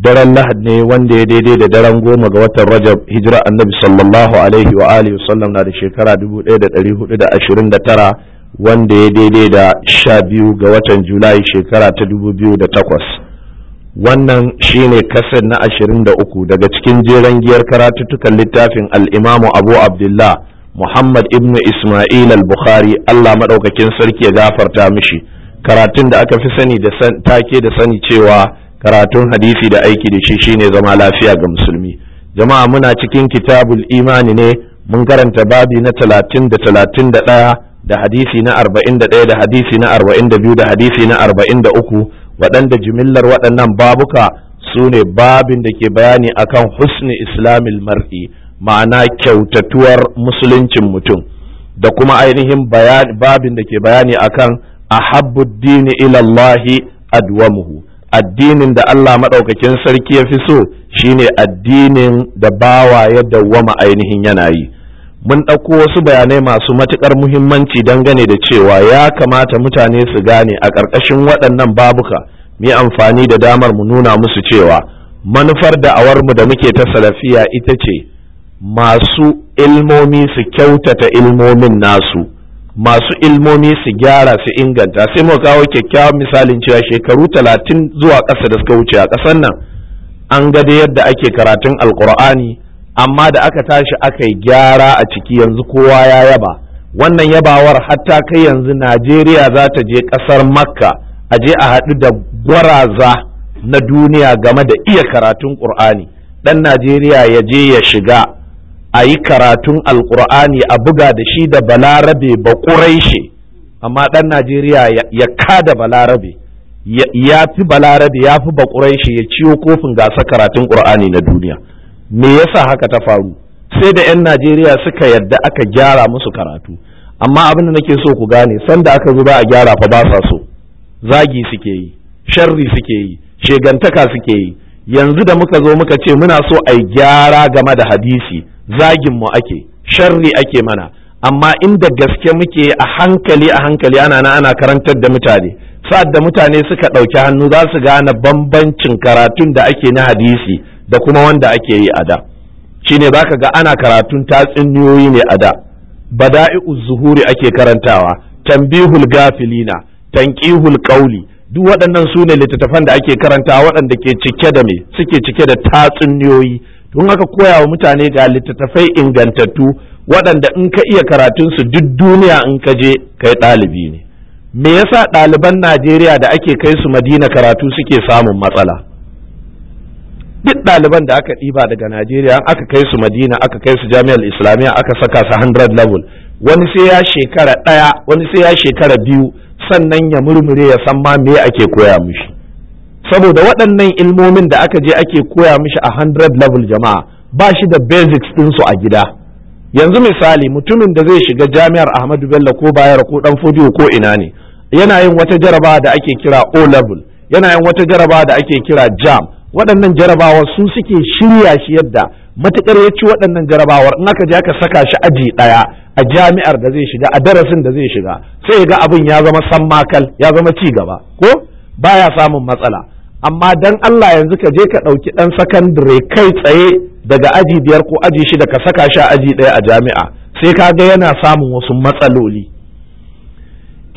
daren lahad ne wanda ya daidai da daren goma ga watan rajab hijira annabi sallallahu alaihi wa alihi wasallam na da shekara 1429 wanda ya daidai da sha biyu ga watan julai shekara ta 2008 wannan shine kasar na 23 daga cikin jeren giyar karatuttukan littafin al'imamu abu abdullah muhammad ibnu ismail al-bukhari allah maɗaukakin sarki ya gafarta mishi karatun da aka fi sani da take da sani cewa karatun hadisi da aiki da shi shine zama lafiya ga musulmi jama'a muna cikin kitabul imani ne mun karanta babi na talatin da talatin da ɗaya da hadisi na arba'in da ɗaya da hadisi na arba'in da biyu da hadisi na arba'in da uku waɗanda jimillar waɗannan babuka sune babin da ke bayani akan husni islamil mar'i ma'ana kyautatuwar musuluncin mutum da kuma ainihin babin da ke bayani akan ahabbu dini ilallahi adwamuhu addinin da Allah maɗaukakin sarki ya fi so shine addinin da bawa ya dawwama ainihin yana yi mun ɗauko wasu bayanai masu matuƙar muhimmanci dangane da cewa ya kamata mutane su gane a ƙarƙashin waɗannan babuka mu amfani da damar mu nuna musu cewa manufar da mu da muke ta salafiya ita ce masu ilmomi su kyautata ilmomin nasu masu ilmomi su gyara su inganta sai mu kawo kyakkyawan misalin cewa shekaru talatin zuwa ƙasa da suka wuce a ƙasar nan an ga da yadda ake karatun alkur'ani amma da aka tashi aka yi gyara a ciki yanzu kowa ya yaba wannan yabawar hatta kai yanzu najeriya za ta je ƙasar makka a je a haɗu da gwaraza na duniya game da iya karatun ƙur'ani ɗan najeriya ya je ya shiga a yi karatun Alƙur'ani, a buga da shi da balarabe ba amma ɗan najeriya ya kada balarabe ya fi balarabe ya fi ba ya ciwo kofin gasa karatun ƙur'ani na duniya me yasa haka ta faru sai da 'yan najeriya suka yadda aka gyara musu karatu amma abin da nake so ku gane sanda aka zo ba a gyara fa ba sa so zagi suke yi sharri suke yi shegantaka suke yi yanzu da muka zo muka ce muna so a gyara game da hadisi zagin mu ake sharri ake mana amma inda gaske muke a hankali a hankali ana na ana karantar da mutane sa'ad da mutane suka ɗauki hannu za su gane bambancin karatun da ake na hadisi da kuma wanda ake yi a da shine zaka ga ana karatun tatsuniyoyi ne a da bada'i'uz zuhuri ake karantawa tambihul gafilina tanqihul ƙauli. duk waɗannan su ne littattafan da ake karanta waɗanda ke cike da me suke cike da tatsuniyoyi tun haka koya wa mutane ga littattafai ingantattu waɗanda in ka iya karatun su duk duniya in ka je kai ɗalibi ne me yasa ɗaliban najeriya da ake kai su madina karatu suke samun matsala duk ɗaliban da aka ɗiba daga najeriya aka kai su madina aka kai su jami'ar islamiyya aka saka su 100 level wani sai ya shekara ɗaya wani sai ya shekara biyu sannan ya murmure ya san ma me ake koya mishi saboda waɗannan ilmomin da aka je ake koya mishi a 100 level jama'a ba shi da basics su a gida yanzu misali mutumin da zai shiga jami'ar ahmadu bello ko bayar ko dan fodiyo ko ina ne yana yin wata jaraba da ake kira o level yana yin wata jaraba da ake kira jam waɗannan jarabawar su suke shirya shi yadda matukar ya ci waɗannan jarabawar in aka je aka saka shi aji ɗaya a jami'ar da zai shiga a darasin da zai shiga sai ga abin ya zama sammakal ya zama ci gaba ko baya samun matsala amma dan Allah yanzu ka je ka ɗauki ɗan sakandare kai tsaye daga aji biyar ko aji shida ka saka shi aji ɗaya a jami'a sai ka ga yana samun wasu matsaloli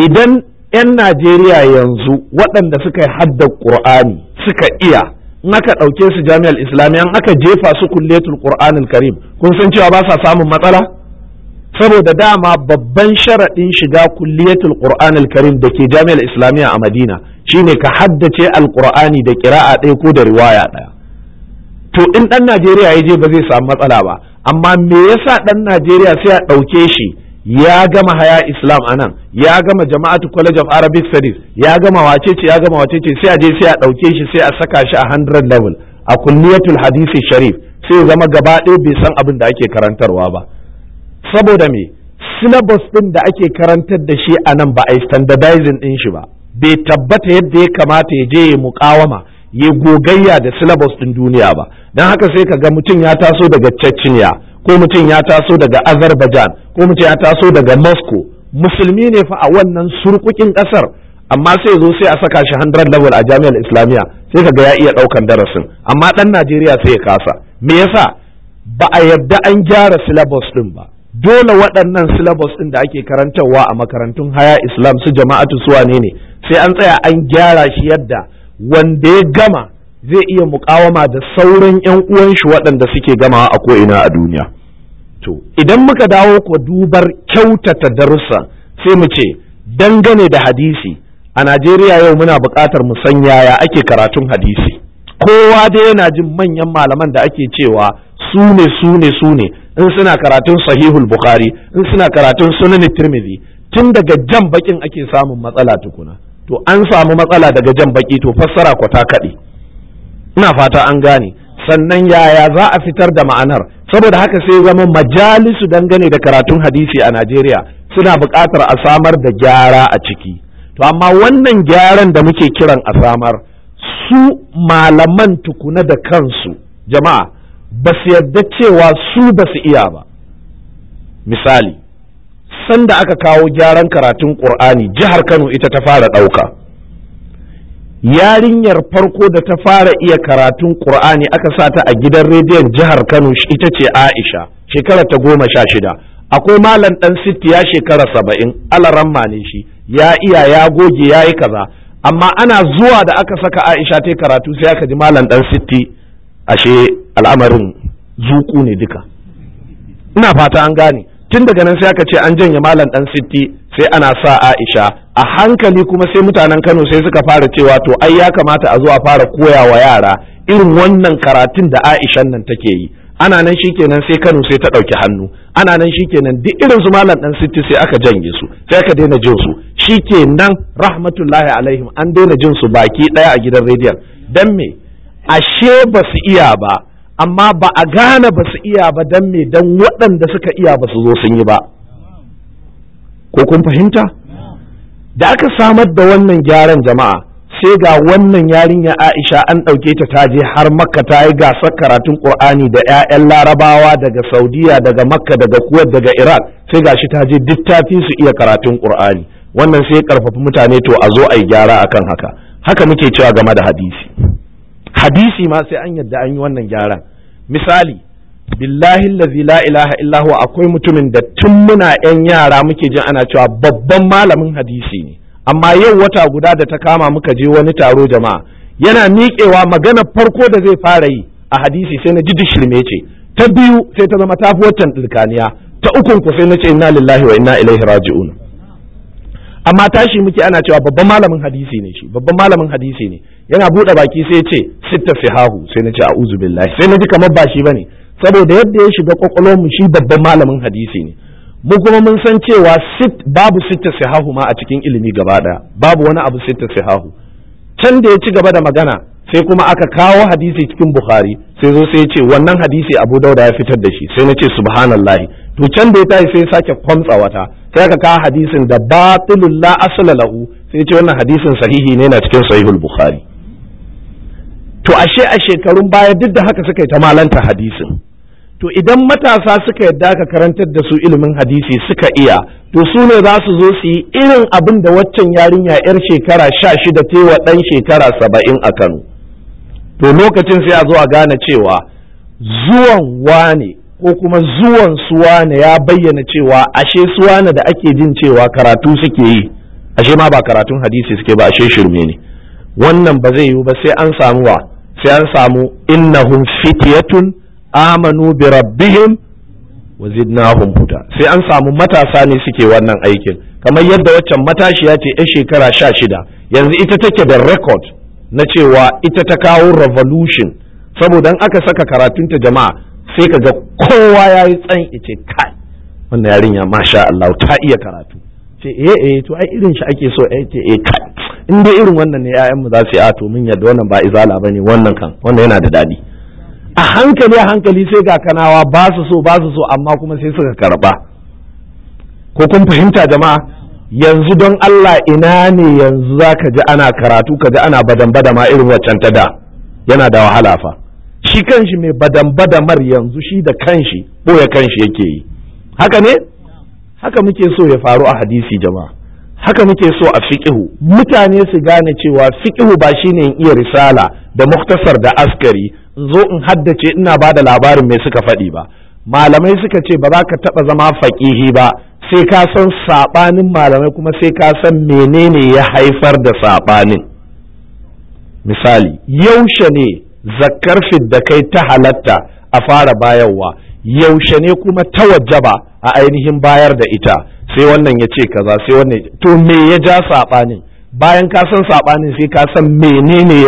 idan 'yan Najeriya yanzu waɗanda suka yi haddar Ƙur'ani suka iya in aka ɗauke su jami'ar islamiyya in aka jefa su kulletul Qur'anul Karim kun san cewa ba sa samun matsala saboda dama babban sharaɗin shiga kulliyatul qur'an karim da ke jami'ar islamiyya a madina shine ka haddace alqur'ani da kira'a ɗaya ko da riwaya ɗaya to in ɗan najeriya ya je ba zai samu matsala ba amma me yasa ɗan najeriya sai a ɗauke shi ya gama haya islam a nan ya gama jama'atu college of arabic studies ya gama wacece ya gama wacece sai a je sai a ɗauke shi sai a saka shi a hundred level a kulliyatul hadisi sharif sai zama gaba ɗaya bai san abin da ake karantarwa ba saboda me syllabus ɗin da ake karantar da shi a nan ba a yi standardizing ɗin shi ba bai tabbata yadda ya kamata ya je ya muƙawama ya gogayya da syllabus ɗin duniya ba don haka sai ka ga mutum ya taso daga Chechnya ko mutum ya taso daga Azerbaijan ko mutum ya taso daga Moscow musulmi ne fa a wannan surkukin ƙasar amma sai zo sai a saka shi 100 level a jami'ar islamiyya sai ka ga ya iya ɗaukan darasin amma ɗan Najeriya sai ya kasa me yasa ba a yarda an gyara syllabus ɗin ba dole waɗannan syllabus ɗin da ake karantarwa a makarantun haya islam su jama'atu suwa ne ne sai an tsaya an gyara shi yadda wanda ya gama zai iya mukawama da sauran 'yan uwan shi waɗanda suke gamawa a ko'ina a duniya to idan muka dawo ku dubar kyautata darussa sai mu ce dangane da hadisi a najeriya yau muna buƙatar mu san yaya ake karatun hadisi kowa dai yana jin manyan malaman da ake cewa su ne su ne su ne in suna karatun sahihul bukhari in suna karatun sunan tirmidhi tun daga jan bakin ake samun matsala tukuna to an samu matsala daga jan baki to fassara kwata kaɗe ina fata an gane sannan yaya za a fitar da ma'anar saboda haka sai zama majalisu dangane da karatun hadisi a najeriya suna buƙatar a samar da gyara a ciki to amma wannan gyaran da muke kiran a samar su malaman tukuna da kansu jama'a ba su yarda cewa su ba su iya ba misali sanda aka kawo gyaran karatun ƙur'ani jihar kano ita ta fara ɗauka yarinyar farko da ta fara iya karatun ƙur'ani aka sa ta a gidan rediyon jihar kano ita ce aisha shekara ta goma sha shida akwai malam ɗan sitti ya shekara saba'in alaran ne shi ya iya ya goge ya yi kaza amma ana zuwa da aka saka aisha ta karatu sai aka ji malam ɗan sitti ashe al'amarin zuku ne duka ina fata an gane tun daga nan sai aka ce an janye malam dan sitti sai ana sa Aisha a hankali kuma sai mutanen Kano sai suka fara cewa to ai ya kamata a zo a fara koya wa yara irin wannan karatun da Aisha nan take yi ana nan shikenan sai Kano sai ta ɗauki hannu ana nan shikenan duk irin su malam dan sitti sai aka janye su sai aka daina jin su shikenan rahmatullahi alaihim an daina jin su baki ɗaya a gidan rediyon dan me ashe ba su iya ba amma ba a gane ba su iya ba don me don waɗanda suka iya ba su zo sun yi ba ko kun fahimta da aka samar da wannan gyaran jama'a sai ga wannan yarinya aisha an ɗauke ta ta je har makka ta yi gasar karatun ƙur'ani da 'ya'yan larabawa daga saudiya daga makka daga kuwait daga iraq sai ga shi ta je duk ta fi su iya karatun ƙur'ani wannan sai ya ƙarfafi mutane to a zo a yi gyara akan haka haka muke cewa game da hadisi hadisi ma sai an yadda an yi wannan gyaran misali billahi allazi la ilaha illa huwa akwai mutumin da tun muna yan yara muke jin ana cewa babban malamin hadisi ne amma yau wata guda da ta kama muka je wani taro jama'a yana miƙewa magana farko da zai fara yi a hadisi sai na ji shirme ce ta biyu sai ta zama tafi wancan dirkaniya ta ukun ku sai na ce inna lillahi wa inna ilaihi raji'un amma tashi muke ana cewa babban malamin hadisi ne shi babban malamin hadisi ne yana buɗe baki sai ya ce sitta hahu sai na ce a'udhu billahi sai na ji kamar ba shi bane saboda yadda ya shiga kwakwalwar mu shi babban malamin hadisi ne mu kuma mun san cewa sit babu sitta sihahu ma a cikin ilimi gaba daya babu wani abu sitta sihahu can da ya ci gaba da magana sai kuma aka kawo hadisi cikin bukhari sai zo sai ce wannan hadisi abu dauda ya fitar da shi sai na ce subhanallahi to can da ya tashi sai ya sake kwamtsa wata sai aka kawo hadisin da batilul la asla lahu sai ce wannan hadisin sahihi ne na cikin sahihul bukhari to ashe a shekarun baya duk da haka suka yi ta malanta hadisin to idan matasa suka yadda ka karantar da su ilimin hadisi suka iya to su ne za su zo su yi irin abin da waccan yarinya yar shekara sha shida ta wa ɗan shekara saba'in a kano to lokacin sai a zo a gane cewa zuwan wane ko kuma zuwan wane ya bayyana cewa ashe wane da ake jin cewa karatu suke yi ashe ma ba karatun hadisi suke ba ashe shirme ne wannan ba zai yiwu ba sai an samu wa sai an samu innahum fitiyatun amanu bi rabbihim wa zidnahum huda sai an samu matasa ne suke wannan aikin kamar yadda waccan matashiya ce ya shekara sha shida yanzu ita take da record na cewa ita ta kawo revolution saboda in aka saka karatunta jama'a sai ka ga kowa ya yi tsan ice kai wannan yarinya masha Allah ta iya karatu ce eh eh to ai irin shi ake so eh ce eh kai in dai irin wannan ne ƴaƴanmu za su yi a to mun yadda wannan ba izala bane wannan kan wannan yana da daɗi a hankali a hankali sai ga kanawa ba su so ba su so amma kuma sai suka karba ko kun fahimta jama'a yanzu don Allah ina ne yanzu za ka ji ana karatu ka ji ana badambada ma irin waccan ta da yana da wahala fa shi kanshi mai badan badamar yanzu shi da kanshi ya kanshi yake yi haka ne haka muke so ya faru a hadisi jama'a haka muke so a fiƙihu mutane su gane cewa fiƙihu ba shine in iya risala da muktasar da askari in zo in haddace ina bada labarin mai suka faɗi ba malamai suka ce ba za ka taɓa zama faƙihi ba sai ka san saɓanin malamai kuma sai ka san menene ya haifar da saɓanin misali yaushe ne zakkar da kai ta halatta a fara bayarwa yaushe ne kuma ta wajaba a ainihin bayar da ita sai wannan ya ce kaza sai wannan to me ya ja saɓanin bayan ka san saɓanin sai ka san ne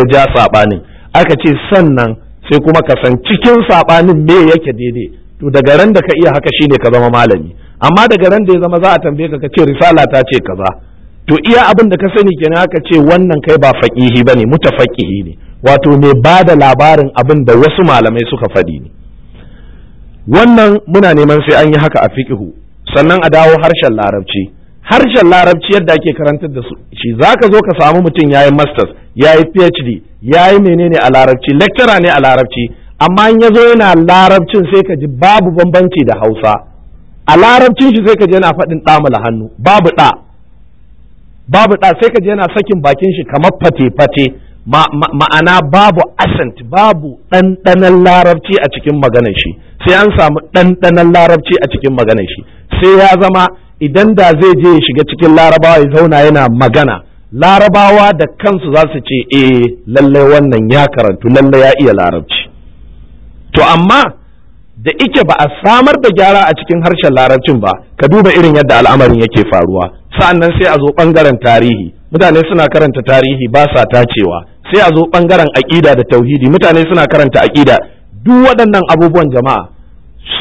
ya ja saɓani aka ce sannan sai kuma ka san cikin saɓanin me yake daidai to daga ran da ka iya haka shine ka zama malami amma daga ran da ya zama za a tambaye ka ka ce risala ta ce kaza to iya abin da ka sani kenan aka ce wannan kai ba faqihi bane mutafaqihi ne wato mai ba da labarin abin da wasu malamai suka faɗi ne wannan muna neman sai an yi haka a fiqihu sannan a dawo harshen larabci harshen larabci yadda ake karantar da su, shi ka zo ka samu mutum ya yi masters ya yi phd ya yayi menene a larabci lecturer ne a larabci amma in ya zo yana larabcin sai ka ji babu bambanci da hausa a larabcin shi sai ka ji yana faɗin ɗamala hannu babu ɗa babu ɗa sai ka ji yana sakin bakin shi kamar fate-fate ma'ana babu asant babu ɗanɗanan larabci a cikin maganar shi sai an samu ɗanɗanan larabci a cikin maganar shi sai ya zama idan da zai je ya shiga cikin larabawa ya zauna yana magana larabawa da kansu za su ce e, lallai wannan ya karantu lallai ya iya larabci to amma da ike ba a samar da gyara a cikin harshen larabcin ba ka duba irin yadda al'amarin yake faruwa sa'annan sai a zo ɓangaren tarihi mutane suna karanta tarihi ba sa tacewa sai a zo bangaren aƙida da tauhidi mutane suna karanta aƙida duk waɗannan abubuwan jama'a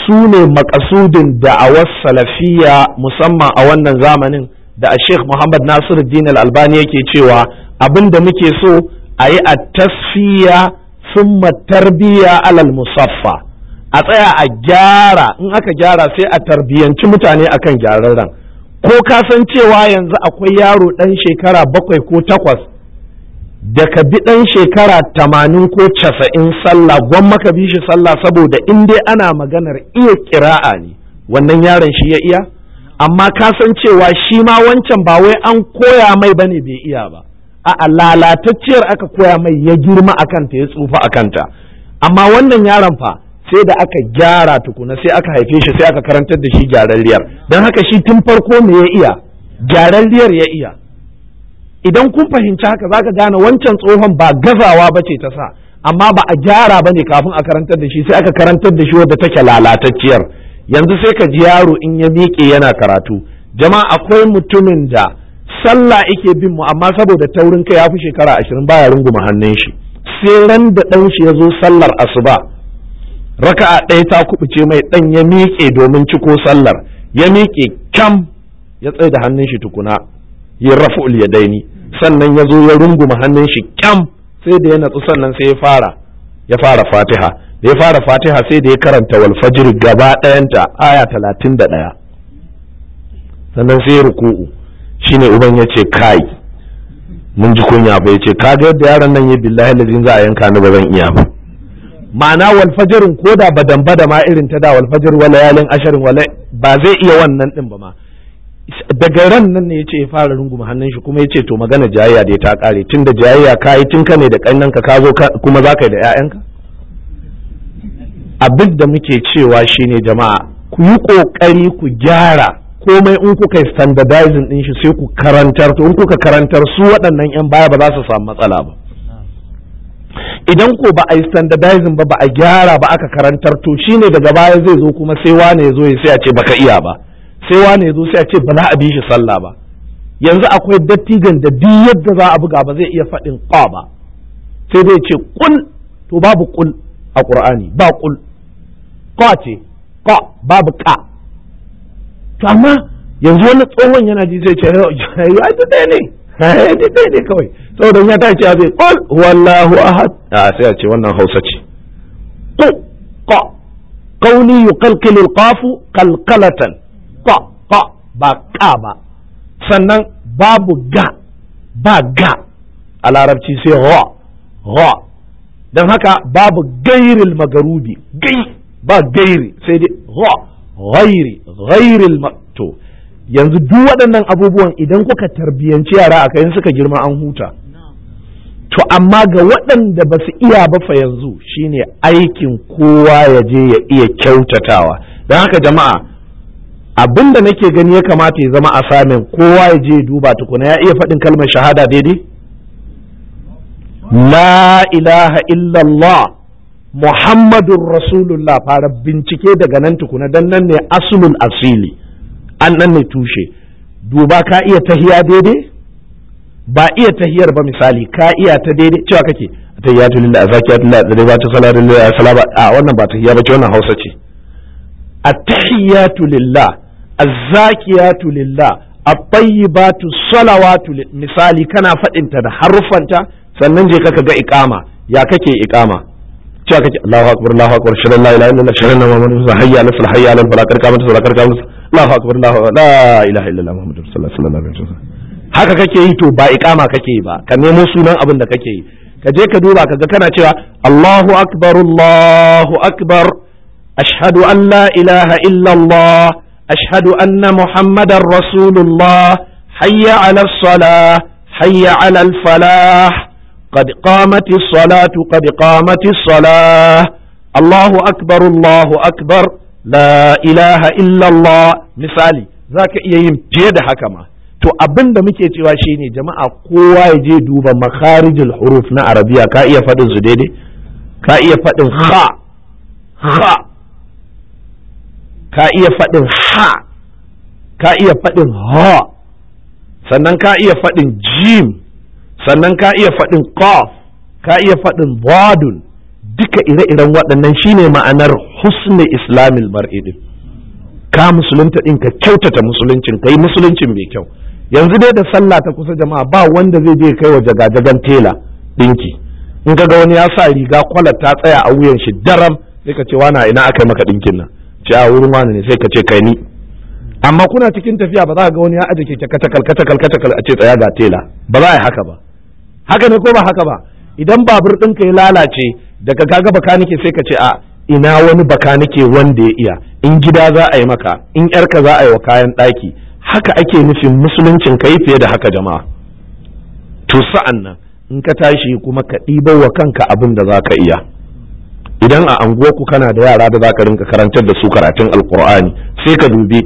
su ne makasudin da'awar salafiya musamman a wannan zamanin da a sheikh muhammad nasiru din albani yake cewa abin da muke so a yi a tasfiya sun tarbiya alal musaffa a tsaya a gyara in aka gyara sai a tarbiyanci mutane akan gyararren ko ka san cewa yanzu akwai yaro ɗan shekara bakwai ko takwas Daka bi ɗan shekara tamanin ko casa'in sallah gwan maka bi shi sallah saboda in dai ana maganar iya kira'a ne wannan yaron shi ya iya amma ka san cewa shi ma wancan ba wai an koya mai ba ne bai iya ba a'a lalatacciyar aka koya mai ya girma a kanta ya tsufa a kanta amma wannan yaron fa sai da aka gyara tukuna sai aka haife shi sai aka karantar da shi gyararriyar don haka shi tun farko me ya iya gyararriyar ya iya idan kun fahimci haka zaka gane wancan tsohon ba gazawa ba ce ta sa amma ba a gyara ba ne kafin a karantar da shi sai aka karantar da shi wadda take lalatacciyar yanzu sai ka ji yaro in ya miƙe yana karatu jama'a akwai mutumin da sallah ike bin mu amma saboda taurin kai ya fi shekara ashirin baya runguma hannun shi sai ran da ɗan shi ya zo sallar asuba raka'a ɗaya ta kubuce mai ɗan ya miƙe domin ciko sallar ya miƙe kyam ya tsaye da hannun shi tukuna ya rafu'ul ya ni. sannan ya zo ya runguma hannun shi kyam sai da ya natsu sannan sai ya fara ya fara fatiha da ya fara fatiha sai da ya karanta wal fajr gaba ɗayanta aya talatin da ɗaya sannan sai ya ruku'u shine uban ya ce kai mun ji kunya ba ya ce ka ga yadda yaron nan ya billahi lazin za a yanka ni ba zan iya ba ma'ana wal fajrin ko da badan bada ma irin ta da wal fajr wala yalin asharin wala ba zai iya wannan din ba ma daga ran nan ne yace ya fara runguma hannun shi kuma yace to magana jayayya da ta kare tun da jayayya kayi tun ka ne da kannan ka kazo kuma zaka yi da ƴaƴanka abin da muke cewa shine jama'a ku yi kokari ku gyara komai in kuka standardizing din shi sai ku karantar to in kuka karantar su waɗannan yan baya ba za su samu matsala ba idan ko ba a yi standardizing ba ba a gyara ba aka karantar to shine daga baya zai zo kuma sai wane ya zo ya sai a ce baka iya ba sai wani ya zo sai a ce ba za a bi shi sallah ba yanzu akwai dattijan da duk yadda za a buga ba zai iya faɗin ƙa ba sai dai ce kul to babu kul a ƙur'ani ba kul ƙa ce ƙa babu ƙa to amma yanzu wani tsohon yana ji zai ce ya ji ɗaya ne ya ji ɗaya ne kawai saboda ya ta ce a zai kul wallahu ahad a sai a ce wannan hausa ce ku ƙa kauni yuqalqilu alqafu qalqalatan ba ƙa ba sannan babu ga ba ga a larabci sai ha ha don haka babu gairil magarubi gai ba gairi sai dai ha gairi gairil to yanzu duk waɗannan abubuwan idan kuka tarbiyyanci yara a kayan suka girma an huta to amma ga waɗanda ba su iya ba fa yanzu shine aikin kowa ya je ya iya kyautatawa don haka jama'a abin da nake gani ya kamata ya zama a samin kowa ya je duba tukuna ya iya faɗin kalmar shahada daidai la ilaha illallah muhammadun rasulullah fara bincike daga nan tukuna don nan ne asulun asili an nan ne tushe duba ka iya tahiya daidai ba iya tahiyar ba misali ka iya ta daidai cewa kake tahiyatu lillahi azakiyatu lillahi tadribatu salatu lillahi salama a wannan ba tahiya ba ce wannan hausa ce at-tahiyatu lillah azzakiyatu lillah at-tayyibatu salawatu misali kana faɗinta da haruffanta sannan je ka ga ya kake iqama haka kake yi to ba ikama kake yi ba ka nemo sunan abin da kake yi ka je ka duba kaga kana cewa Allahu akbar Allahu akbar ashhadu an la ilaha Allah. ashhadu anna muhammadar rasulullah hayya ala salah hayya ala falah qad qamat salatu qad qamat salah allahu akbar allahu akbar la ilaha illallah misali zaka iya yin fiye da haka ma to abin da muke cewa shine jama'a kowa ya je duba makharijul huruf na arabiya ka iya faɗin su daidai ka iya faɗin ha ha ka iya faɗin ha ka iya faɗin ha sannan ka iya faɗin jim sannan ka iya faɗin kof ka iya faɗin badun duka ire-iren waɗannan shine ma'anar husni islamil mar'i ka musulunta ɗin ka kyautata musuluncin ka yi musuluncin mai kyau yanzu dai da sallah ta kusa jama'a ba wanda zai je kai wa jagajagan tela ɗinki. in ga wani ya sa riga kwalar ta tsaya a wuyan shi daram sai ka ce na ina aka yi maka ɗinkin nan ce a wurin wani ne sai ka ce kai ni amma kuna cikin tafiya ba za ga wani ya aje keke katakal katakal a ce tsaya ga tela ba za a yi haka ba haka ne ko ba haka ba idan babur ka ya lalace daga kaga baka nake sai ka ce a ina wani baka nake wanda ya iya in gida za a yi maka in yarka za a yi wa kayan ɗaki haka ake nufin musuluncin ka fiye da haka jama'a to sa'an nan in ka tashi kuma ka ɗibar wa kanka abin da za ka iya idan a anguwarku kana da yara da zaka rinka karantar da su karatun alqur'ani sai ka dubi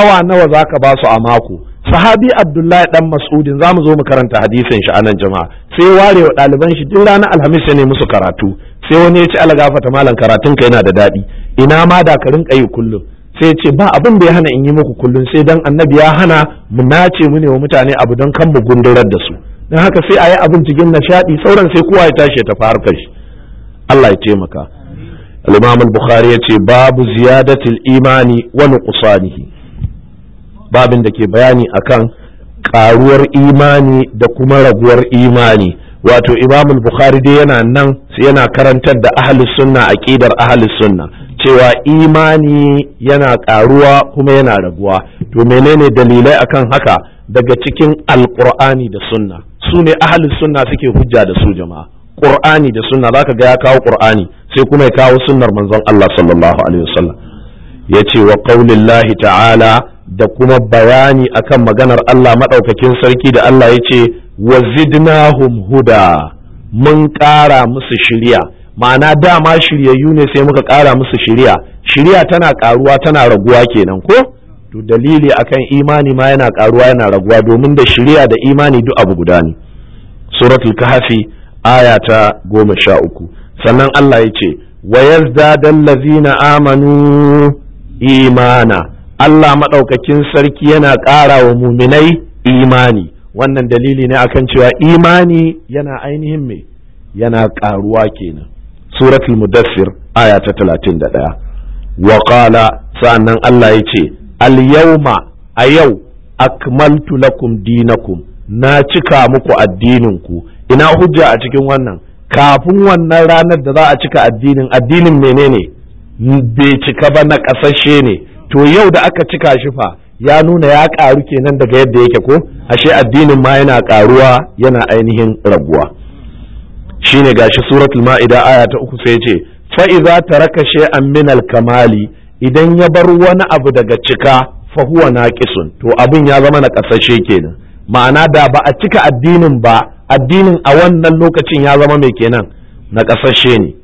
awa nawa zaka ba su a mako sahabi abdullahi dan mas'udin mu zo mu karanta hadisin shi anan jama'a sai ware wa ɗaliban shi duk ranar alhamis ne musu karatu sai wani ya ci alagafa ta malam karatun ka yana da daɗi ina ma da ka rinka yi kullum sai ce ba abin da ya hana in yi muku kullum sai dan annabi ya hana mu nace mu ne wa mutane abu don kan mu gundurar da su dan haka sai a yi abin cikin nishaɗi sauran sai kowa ya tashi ta fara shi Allah ya taimaka al-imam al-bukhari yace babu ziyadatul imani wa nuqsanihi babin da ke bayani akan karuwar imani da kuma raguwar imani wato imam al-bukhari dai yana nan yana karantar da ahlus sunna aqidar ahlus sunna cewa imani yana karuwa kuma yana raguwa to menene dalilai akan haka daga cikin alqur'ani da sunna su ne ahlus sunna suke hujja da su jama'a qur'ani da sunna zaka ga ya kawo qur'ani sai kuma ya kawo sunnar manzon Allah sallallahu alaihi wasallam yace wa qaulillahi ta'ala da kuma bayani akan maganar Allah madaukakin sarki da Allah yace wazidnahum huda mun ƙara musu shiriya ma'ana dama shiryayyu ne sai muka kara musu shiriya shiriya tana ƙaruwa tana raguwa kenan ko to dalili akan imani ma yana ƙaruwa yana raguwa domin da shiriya da imani duk abu guda ne suratul kahfi aya ta goma sha uku sannan Allah ya ce wayar dadan lazina amanu imana Allah maɗaukakin sarki yana ƙara wa muminai imani wannan dalili ne akan cewa imani yana ainihin me yana ƙaruwa kenan suratul mudassir aya ta talatin da ɗaya wa ƙala sa'annan Allah ya ce al a yau akmaltu lakum dinakum na cika muku addininku ina hujja a cikin wannan kafin wannan ranar da za a cika addinin addinin menene bai cika ba na kasashe ne to yau da aka cika shi fa ya nuna ya karu kenan daga yadda yake ko ashe addinin ma yana karuwa yana ainihin raguwa shine gashi suratul ma'ida aya ta uku sai ce fa iza taraka shay'an min kamali idan ya bar wani abu daga cika fa huwa naqisun to abin ya zama na kasashe kenan ma'ana da ba a cika addinin ba addinin a wannan lokacin ya zama mai kenan na ƙasashe ne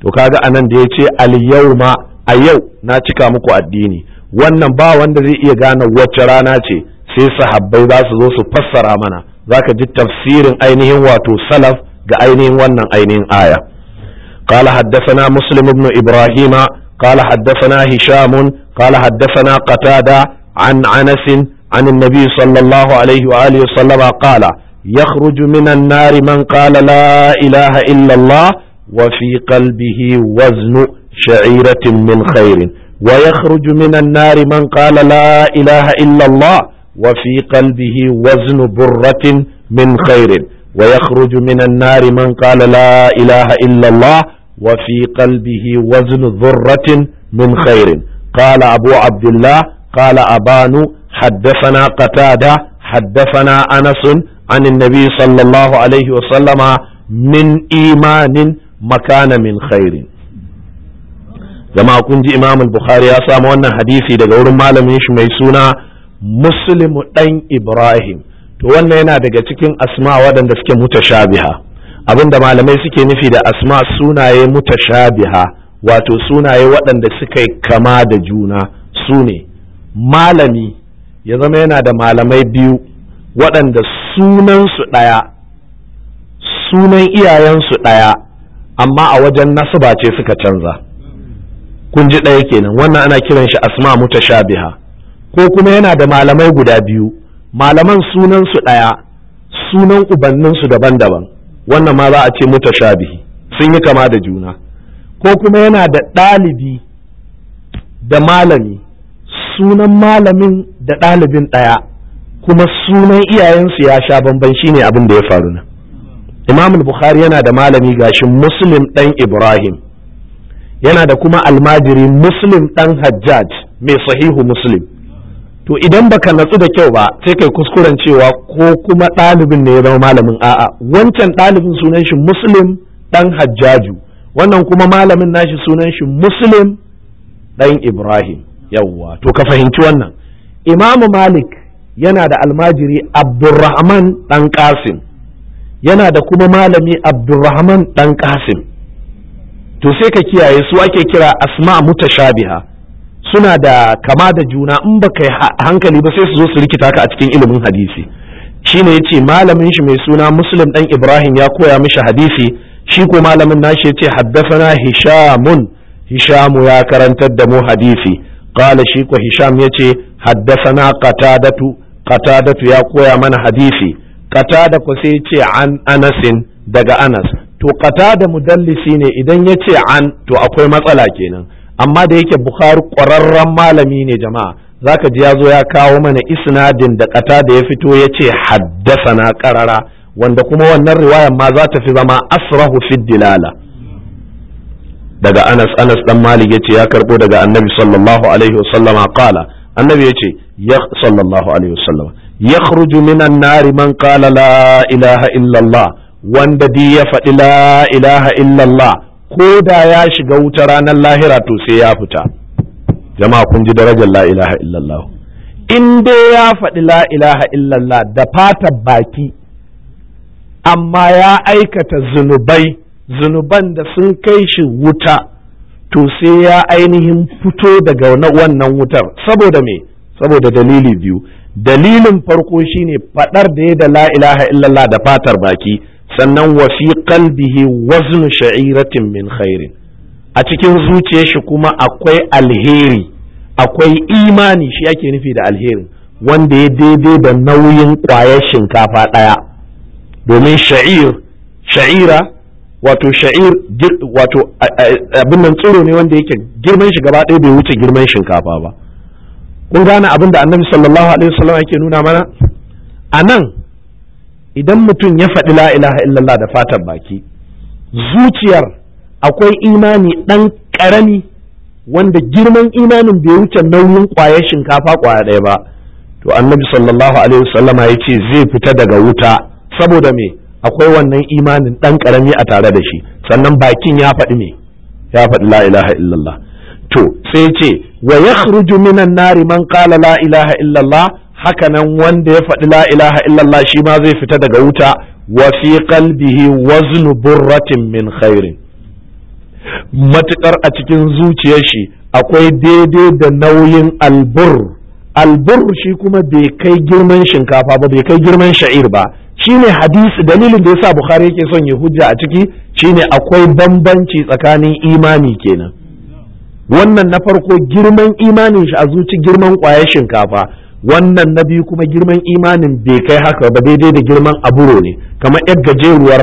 to kaga anan da ya ce al-yawma a yau na cika muku addini wannan ba wanda zai iya gane wacce rana ce sai sahabbai za su zo su fassara mana zaka ji tafsirin ainihin wato salaf ga ainihin wannan ainihin aya قال حدثنا مسلم بن إبراهيم قال حدثنا هشام قال حدثنا قتادة عن عنس عن النبي صلى الله عليه وآله وسلم قال يخرج من النار من قال لا إله إلا الله وفي قلبه وزن شعيرة من خير ويخرج من النار من قال لا إله إلا الله وفي قلبه وزن برة من خير ويخرج من النار من قال لا إله إلا الله وفي قلبه وزن ذرة من خير قال أبو عبد الله قال أبان حدثنا قتادة حدثنا أنس عن النبي min imanin عليه وسلم من إيمان مكان من خير جماعة كنت إمام البخاري أسام وانا حديثي دقور مالم ميسونا مسلم ɗan Ibrahim to wannan yana daga cikin asma waɗanda suke mutashabiha abinda malamai suke nufi da asma sunaye mutashabiha wato sunaye waɗanda suka kama da juna su ne malami ya zama yana da malamai biyu waɗanda sunansu ɗaya sunan iyayensu ɗaya amma a wajen ba ce suka canza kun ji ɗaya kenan wannan ana kiran shi asma mutashabiha ko kuma yana da malamai guda biyu malaman sunansu ɗaya sunan ubanninsu daban-daban wannan ma za a ce mutashabihi sun yi kama da juna ko kuma yana da ɗalibi da malami sunan malamin da ɗalibin ɗaya kuma sunan iyayensu ya sha bamban ne abin da ya faru nan imam bukhari yana da malami gashi muslim ɗan ibrahim yana da kuma almajiri muslim ɗan hajjaj mai sahihu muslim to idan baka natsu da kyau ba sai kai kuskuren cewa ko kuma ɗalibin ne ya zama malamin a'a wancan ɗalibin sunan shi muslim ɗan hajjaju wannan kuma malamin nashi sunan shi muslim ɗan ibrahim yawwa to ka fahimci wannan imamu malik yana da almajiri abdurrahman Dan kasim yana da kuma malami abdurrahman Dan kasim to sai ka kiyaye su ake kira asma mutashabiha suna da kama da juna in ba kai hankali ba sai su zo su rikita ka a cikin ilimin hadisi Shi shine yace malamin shi mai suna muslim dan ibrahim ya koya mishi hadisi shi ko malamin nashi yace haddathana hishamun hishamu ya karantar da mu hadisi qala shi ko hisham yace haddasana qatadatu qatadatu ya koya mana hadisi qatada ku sai ce an anasin daga anas to qatada mudallisi ne idan ya ce an to akwai matsala kenan amma da yake bukhari ƙwararren malami ne jama'a zaka ji ya zo ya kawo mana isnadin da ƙata da ya fito ya ce haddasana qarara wanda kuma wannan riwayar ma za ta fi zama asrahu fid dilala daga anas anas dan malik yace ya karɓo daga annabi sallallahu alaihi annabi ya ce sallallahu alaihi wasallam yakhruju minan nari man qala la ilaha illallah wanda di ya faɗi la ilaha illallah ko da ya shiga wuta ranar lahira to sai ya fita jama'a kun ji darajar la ilaha illallah in dai ya faɗi la ilaha illallah da fatan baki amma ya aikata zunubai zunuban da sun kai shi wuta to sai ya ainihin fito daga wannan wutar saboda me saboda dalili biyu dalilin farko shine fadar da ya da la ilaha illallah da fatar baki sannan wa fi qalbihi waznu sha'iratin min khairin a cikin zuciyar shi kuma akwai alheri akwai imani shi ake nufi da alheri, wanda ya daidai da nauyin ƙwayar shinkafa ɗaya domin sha'ir sha'ira wato sha'ir wato abin nan tsiro ne wanda yake girman shi gaba ɗaya bai wuce girman shinkafa ba kun gane abin da annabi sallallahu alaihi wasallam yake nuna mana a nan idan mutum ya faɗi la ilaha illallah da fatan baki zuciyar akwai imani ɗan ƙarami wanda girman imanin bai wuce nauyin ƙwayar shinkafa ƙwaya ɗaya ba to annabi sallallahu alaihi wasallama ya ce zai fita daga wuta saboda me akwai wannan imanin ɗan ƙarami a tare da shi sannan bakin ya faɗi ne, ya faɗi la ilaha illallah to sai ce wa yakhruju minan nari man qala la ilaha illallah haka nan wanda ya faɗi la ilaha illallah shi ma zai fita daga wuta wa fi qalbihi waznu burratin min khairin matukar a cikin zuciyar shi akwai daidai da nauyin albur albur shi kuma bai kai girman shinkafa ba bai kai girman sha'ir ba shine hadisi dalilin da yasa bukhari yake son ya hujja a ciki shine akwai bambanci tsakanin imani kenan wannan na farko girman imanin shi a zuci girman kwayar shinkafa wannan na biyu kuma girman imanin bai kai haka ba daidai da girman aburo ne kamar yar gajeruwar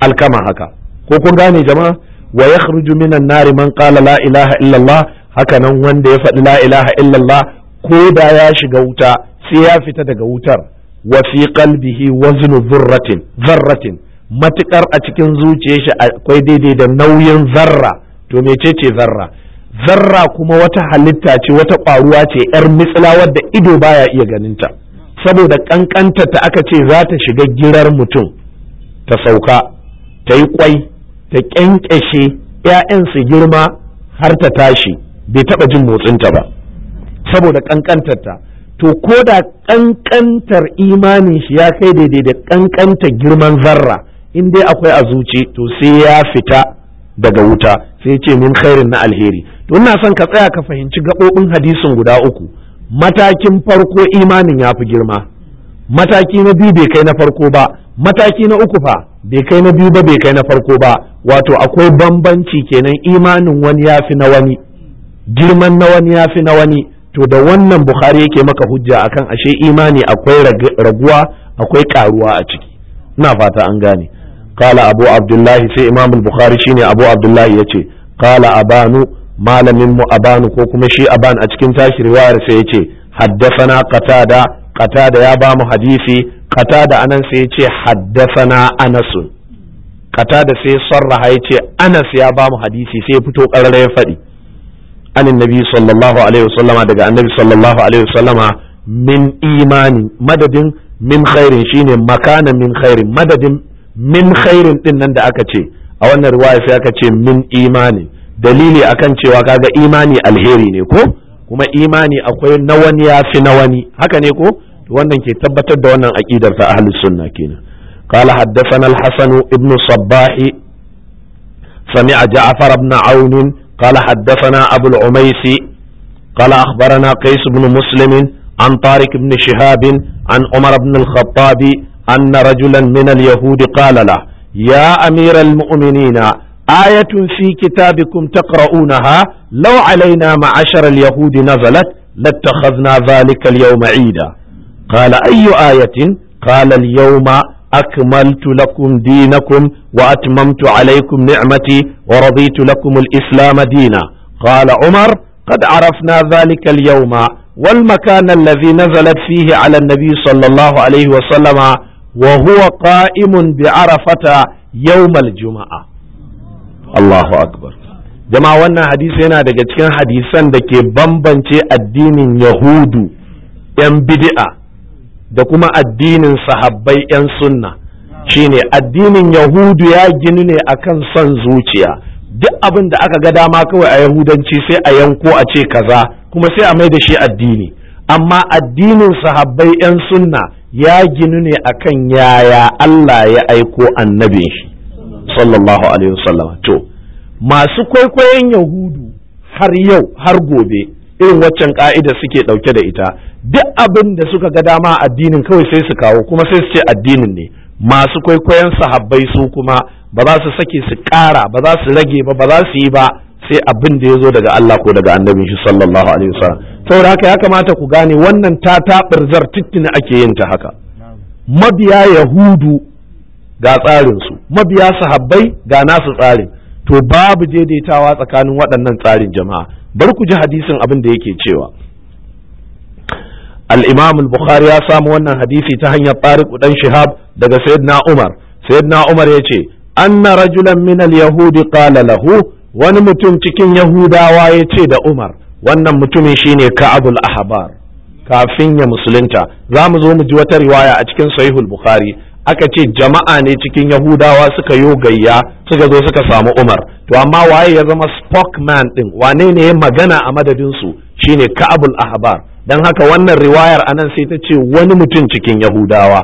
alkama haka ko kun gane jama'a wa yakhruju minan nari man qala la ilaha illallah haka nan wanda ya faɗi la ilaha illallah ko da ya shiga wuta sai ya fita daga wutar wa fi qalbihi waznu dhurratin dharratin a cikin zuciyar shi akwai daidai da nauyin zarra to mecece zarra zarra kuma wata halitta ce wata ƙwaruwa ce yar mitsila wadda ido baya iya ganinta saboda kankanta ta aka ce za ta shiga girar mutum ta sauka ta yi ƙwai, ta kyankyashe 'ya'yan su girma har ta tashi bai taɓa jin motsinta ba saboda ta to ko da ƙanƙantar imanin shi ya kai daidai da ƙanƙanta girman zarra in dai akwai a zuci to sai ya fita daga wuta sai ce min khairin na alheri to ina son ka tsaya ka fahimci gaɓoɓin hadisin guda uku matakin farko imanin ya fi girma mataki na biyu bai kai na farko ba mataki na uku fa bai kai na biyu ba bai kai na farko ba wato akwai bambanci kenan imanin wani ya fi na wani girman na wani ya fi na wani to da wannan bukhari yake maka hujja akan ashe imani akwai raguwa akwai karuwa a ciki ina fata an gane kala abu abdullahi sai imam bukhari shine abu abdullahi yace kala abanu malamin mu abanu ko kuma shi aban a cikin tashi riwayar sai yace haddathana qatada qatada ya ba mu hadisi qatada anan sai yace haddathana anas qatada sai sarraha yace anas ya ba mu hadisi sai ya fito karara ya faɗi anin nabi sallallahu alaihi wasallama daga annabi sallallahu alaihi wasallama min imani madadin min khairin shine makana min khairin madadin min khairin din nan da aka ce a wannan riwaya sai aka ce min imani dalili akan cewa kaga imani alheri ne ko kuma imani akwai na yafi ya na wani haka ne ko wannan ke tabbatar da wannan aqidar ta ahlus sunna kenan قال حدثنا الحسن ابن الصباح سمع جعفر بن aunin. قال حدثنا أبو العميسي قال أخبرنا قيس بن مسلم عن طارق بن شهاب عن عمر بن الخطاب أن رجلا من اليهود قال له يا أمير المؤمنين آية في كتابكم تقرؤونها لو علينا معشر اليهود نزلت لاتخذنا ذلك اليوم عيدا قال أي آية قال اليوم akmaltu lakum dinakum wa atmamtu alaykum ni'mati wa raditu lakum al-islam dina qala umar qad arafna dhalika al-yawma wal makan alladhi nazalat fihi ala an-nabi sallallahu alayhi wa sallama wa huwa qa'imun bi arafata yawm al-jum'a Allahu akbar jama'a wannan hadisi yana daga cikin hadisan da ke bambance addinin yahudu yan bid'a da kuma addinin sahabbai 'yan sunna shine addinin yahudu ya ginu ne akan son zuciya duk abin da aka ga dama kawai a yahudanci sai a yanko a ce kaza kuma sai a mai da shi addini amma addinin sahabbai 'yan sunna ya ginu ne akan yaya Allah ya aiko annabin shi sallallahu alaihi wasallam to masu kwaikwayon yahudu har yau har gobe irin waccan ka'ida suke dauke da ita duk abin da suka ga dama addinin kawai sai su kawo kuma sai su ce addinin ne masu kwaikwayon sahabbai su kuma ba za su sake su kara ba za su rage ba ba za su yi ba sai abin da ya zo daga Allah ko daga annabin shi sallallahu alaihi wasallam saboda haka ya kamata ku gane wannan ta taɓirzar tittini ake yin ta haka mabiya yahudu ga tsarin su mabiya sahabbai ga nasu tsarin to babu daidaitawa tsakanin waɗannan tsarin jama'a Bar ku ji hadisin abin da yake cewa al-imam al-bukhari ya samu wannan hadisi ta hanyar tariq dan shihab daga sayyidina umar sayyidina umar yace anna rajulan min al-yahudi qala lahu wani mutum cikin yahudawa yace da umar wannan mutumin shine ka'abul ahbar kafin ya musulunta za mu zo mu ji wata riwaya a cikin sahihul bukhari aka ce jama'a ne cikin yahudawa suka yi gayya suka zo suka samu umar to amma waye ya zama spokesman din wane ne ya magana a madadinsu? su shine ka'abul ahbar dan haka wannan riwayar anan sai ta ce wani mutum cikin yahudawa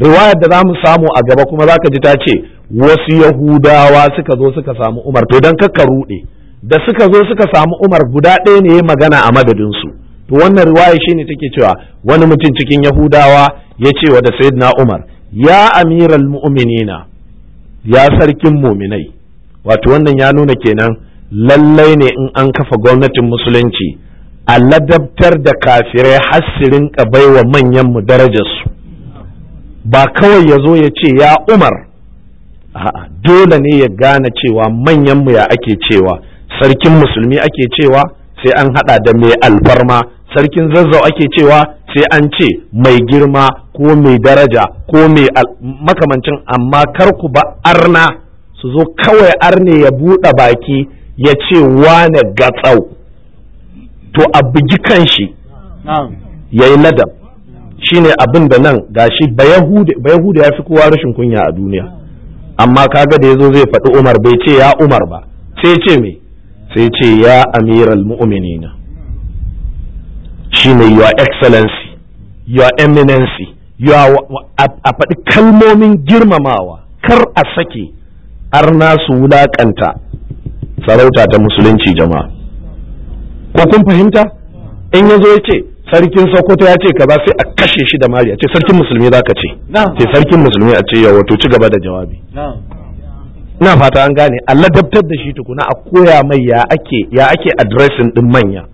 riwayar da za mu samu a gaba kuma za ka ji ta ce wasu yahudawa suka zo suka samu umar to dan kakka rude da suka zo suka samu umar guda ɗaya ne ya magana a madadin su to wannan riwaya shine take cewa wani mutum cikin yahudawa ya ce wa da sayyidina umar ya amiral mu'minina ya sarkin muminai wato wannan ya nuna kenan lallai ne in an kafa gwamnatin musulunci a ladabtar da kafirai hassirin baiwa manyan mu darajarsu ba kawai ya zo ya ce ya umar a'a dole ne ya gane cewa manyanmu ya ake cewa sarkin musulmi ake cewa sai an hada da mai alfarma sarkin zazzau ake cewa sai an ce mai girma ko mai daraja ko mai makamancin amma kar ku ba arna su zo kawai arne ya buɗe baki ya ce wane gatsau to a bugi kan shi ya yi Shi ne abin da nan gashi bayahuda ya fi kowa rashin kunya a duniya amma kaga da ya zo zai faɗi umar bai ce ya umar ba sai ce me sai ce ya amiral mu'minina shine your excellency your eminency your a faɗi kalmomin girmamawa kar a sake arna su wulaƙanta sarauta ta musulunci jama'a ko kun fahimta in yazo zo ya ce sarkin sokoto ya ce kaza sai a kashe shi da mari a ce sarkin musulmi za ka ce ce sarkin musulmi a ce ya wato ci gaba da jawabi na fata an gane A ladabtar da shi tukuna a koya mai ya ake ya ake addressing din manya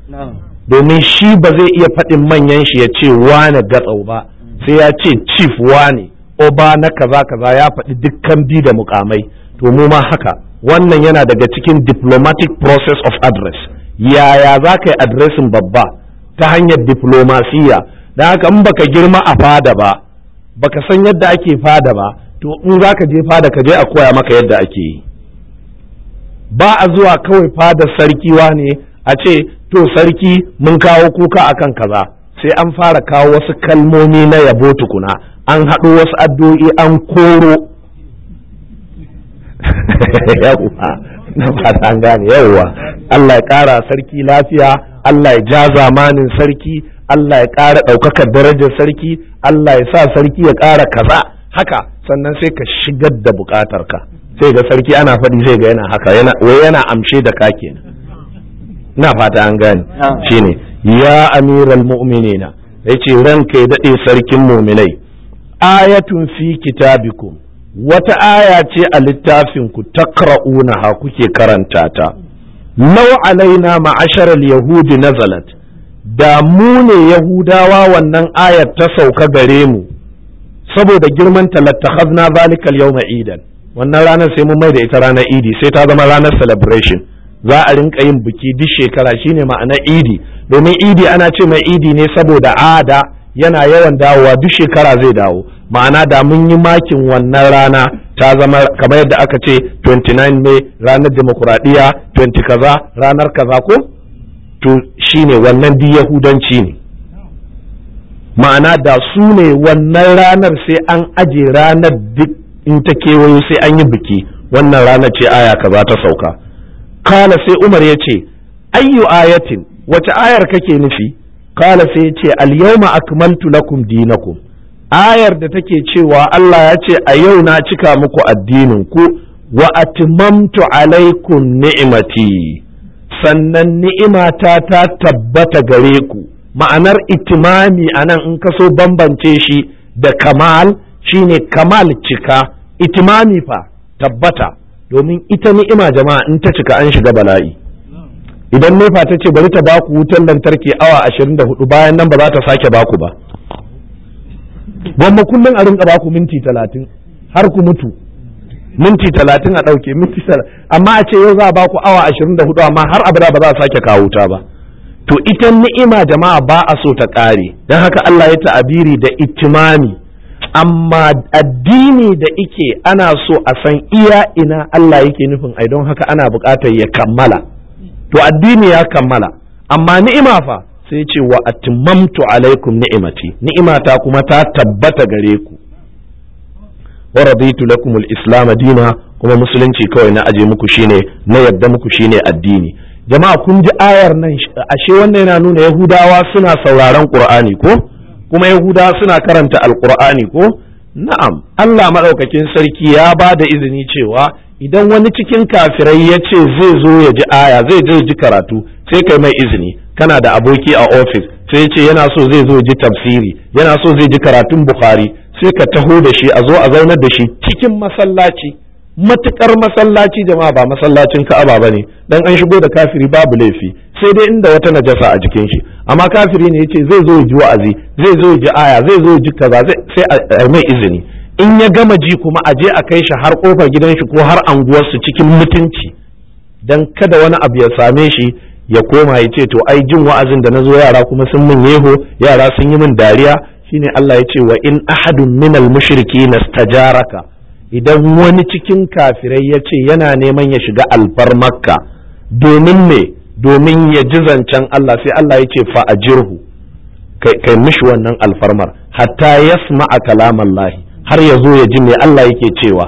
domin shi ba zai iya faɗin manyan shi ya ce wane gatsau ba sai ya ce chief wane oba na kaza kaza ya faɗi dukkan bi da mukamai to mu ma haka wannan yana daga cikin diplomatic process of address yaya za ka yi adresin babba ta hanyar diplomasiya da haka in baka girma a fada ba baka san yadda ake fada ba to in za ka je fada ka je a koya maka yadda ake yi ba a zuwa kawai fada sarki ne a ce to sarki mun kawo kuka akan kaza sai an fara kawo wasu kalmomi na yabo tukuna an haɗo wasu addu'o'i an koro yawwa na fata an gane yawwa Allah ya ƙara sarki lafiya Allah ya ja zamanin sarki Allah ya ƙara ɗaukakar darajar sarki Allah ya sa sarki ya ƙara kaza haka sannan sai ka shigar da buƙatarka sai ga sarki ana faɗi sai ga yana haka yana amshe da ka kenan na fata an gane ah. ne ya amiral mu'minina yace ranka ya daɗe sarkin mu'minai ayatun fi kitabikum wata aya ce a littafin ku takra'una ha kuke karanta ta Nau alaina ma'asharar yahudi nazalat da mu ne yahudawa wannan ayar ta sauka gare mu saboda girman talattakhazna zalikal yawma idan wannan ranar sai mun mai da ita ranar idi sai ta zama ranar celebration za a rinka yin biki duk shekara shine ma'ana idi domin idi ana ce mai idi ne saboda ada yana yawan dawowa duk shekara zai dawo ma'ana da mun yi makin wannan rana ta zama kamar yadda aka ce 29 ne ranar demokuraɗiyya 20 kaza ranar kaza ko to shine wannan duk yahudanci ne ma'ana da su ne wannan ranar sai an aje ranar duk in ta kewayo sai an yi biki wannan ranar ce aya kaza ta sauka kala sai umar ya ce ayyu ayatin wace ayar kake nufi kala sai ya ce al akmaltu lakum dinakum ayar da take cewa Allah ya ce a yau na cika muku addinin ku wa atmamtu alaikum ni'imati sannan ni'imata ta tabbata gare ku ma'anar itimami anan in ka so bambance shi da kamal shine kamal cika itimami fa tabbata domin ita ni'ima jama'a in ta cika an shiga bala'i idan nefa ta ce bari ta baku wutan lantarki awa 24 bayan nan ba za ta sake baku ba gwamma kullum a rinka baku minti 30 har ku mutu minti 30 a ɗauke minti 30 amma a ce yau za a baku awa 24 amma har abada ba za a sake kawo ta ba to ita ni'ima jama'a ba a so ta ƙare don haka Allah ya abiri da itimami amma addini da ike ana so a san iya ina Allah yake nufin ai don haka ana buƙatar ya kammala to addini ya kammala amma ni'ima fa sai ce wa alaikum ni'imati ni'imata kuma ta tabbata gare ku wa raditu lakum al-islam dina kuma musulunci kawai na aje muku shine na yadda muku shine addini jama'a kun ji ayar nan ashe wannan yana nuna yahudawa suna sauraron qur'ani ko kuma yahudawa suna karanta Alkur'ani ko na'am Allah maɗaukakin sarki ya ba da izini cewa idan wani cikin kafirai ya ce zai zo ya ji aya zai je ji karatu sai kai mai izini kana da aboki a ofis sai ya ce yana so zai zo ji tafsiri yana so zai ji karatun bukhari sai ka taho da shi a zo a zaunar da shi cikin masallaci matukar masallaci jama'a ba masallacin ka'aba ne, dan an shigo da kafiri babu laifi sai dai inda wata najasa a jikin shi amma kafiri ne yace zai zo ji wa'azi zai zo ji aya zai zo ji kaza sai a mai izini in ya gama ji kuma a je a kai shi har kofar gidan shi ko har anguwar su cikin mutunci dan kada wani abu ya same shi ya koma yace to ai jin wa'azin da na zo yara kuma sun min yeho yara sun yi min dariya shine Allah ya ce wa in ahadun minal mushriki nastajaraka idan wani cikin kafirai ya ce yana neman ya shiga alfar Makka domin me domin ya ji zancen Allah sai Allah ya ce fa'ajirhu kai mishi wannan alfarmar hatta yasma a kalaman lahi har ya zo ya ji me Allah yake cewa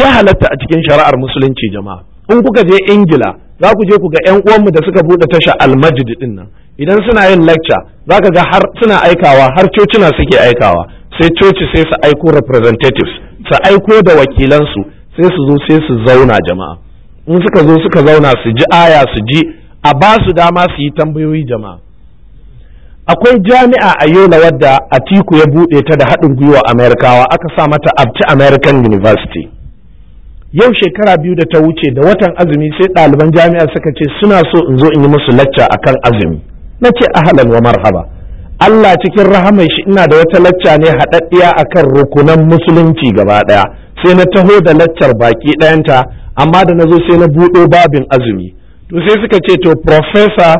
ya halatta a cikin shari'ar musulunci jama'a in kuka je ingila za ku je ku ga 'yan uwanmu da suka buɗe tasha almajid din nan idan suna yin lecture za ka ga har suna aikawa har cocina suke aikawa sai coci sai su aiko representatives su aiko da wakilansu sai su zo sai su zauna jama'a in suka zo suka zauna su ji aya su ji a ba su dama su yi tambayoyi jama'a akwai jami'a a yola wadda atiku ya buɗe ta da haɗin gwiwa amerikawa aka sa mata abci american university yau shekara biyu da ta wuce da watan azumi sai ɗaliban jami'a suka ce suna so in zo in yi musu lacca akan azumi na ce ahalan wa marhaba Allah cikin rahaman shi ina da wata lacca ne haɗaɗɗiya a kan rukunan musulunci gaba ɗaya sai na taho da laccar baki ɗayanta amma da na zo sai na buɗo babin azumi to sai suka ce to profesa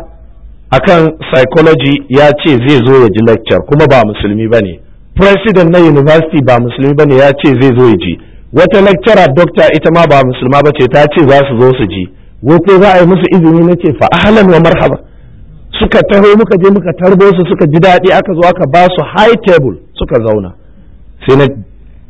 a kan psychology ya ce zai zo ya ji laccar kuma ba musulmi ba ne president na university ba musulmi ba ne ya ce zai zo ya ji wata lecturer doctor ita ma ba musulma ba ce ta ce za su zo su ji wai za a yi musu izini na ce fa ahlan wa marhaba suka taho muka je muka tarbo su suka ji daɗi aka zo aka ba su high table suka zauna sai na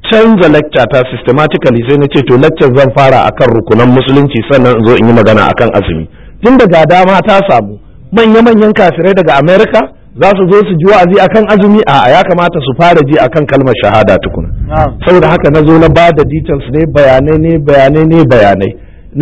canza lecture ta systematically sai na ce to lecture zan fara akan rukunan musulunci sannan zo in yi magana akan azumi tun daga dama ta samu manya-manyan kafirai daga america za su zo su ji wa'azi akan azumi a ya kamata su fara ji akan kalmar shahada tukuna saboda haka na zo na ba da details ne bayanai ne bayanai ne bayanai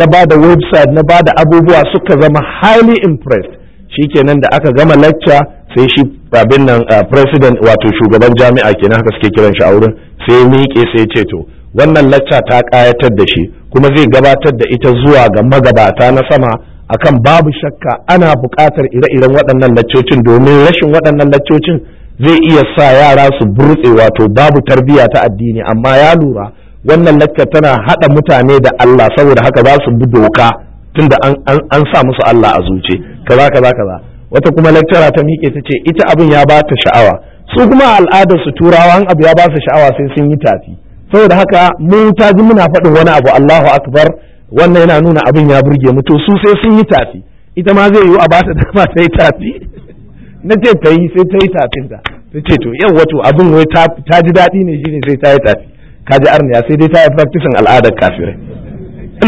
na ba da website na ba da abubuwa suka zama highly impressed Shi shikenan da aka gama lacca sai shi abin nan uh, president wato shugaban jami'a kenan haka suke kiran shi a wurin sai ya miƙe sai ce to wannan lacca ta ƙayatar da shi kuma zai gabatar da ita zuwa ga magabata na sama akan babu shakka ana buƙatar ire-iren waɗannan laccocin domin rashin waɗannan laccocin zai iya sa yara su burtse wato babu tarbiyya ta addini amma ya lura wannan lacca tana haɗa mutane da Allah saboda haka za su bi doka tunda an sa musu Allah a zuce kaza kaza kaza wata kuma lecturer ta miƙe ta ce ita abin ya ba ta sha'awa su kuma al'adar su turawa abu ya ba su sha'awa sai sun yi tafi saboda haka mu ta ji muna faɗin wani abu Allahu akbar wannan yana nuna abin ya burge mu to su sai sun yi tafi ita ma zai yiwu a ba ta dama ta yi tafi na ce ta yi sai ta yi tafin ta ta ce to yau wato abin wai ta ji daɗi ne shine sai ta yi tafi ka ji arniya sai dai ta yi practicing al'adar kafirai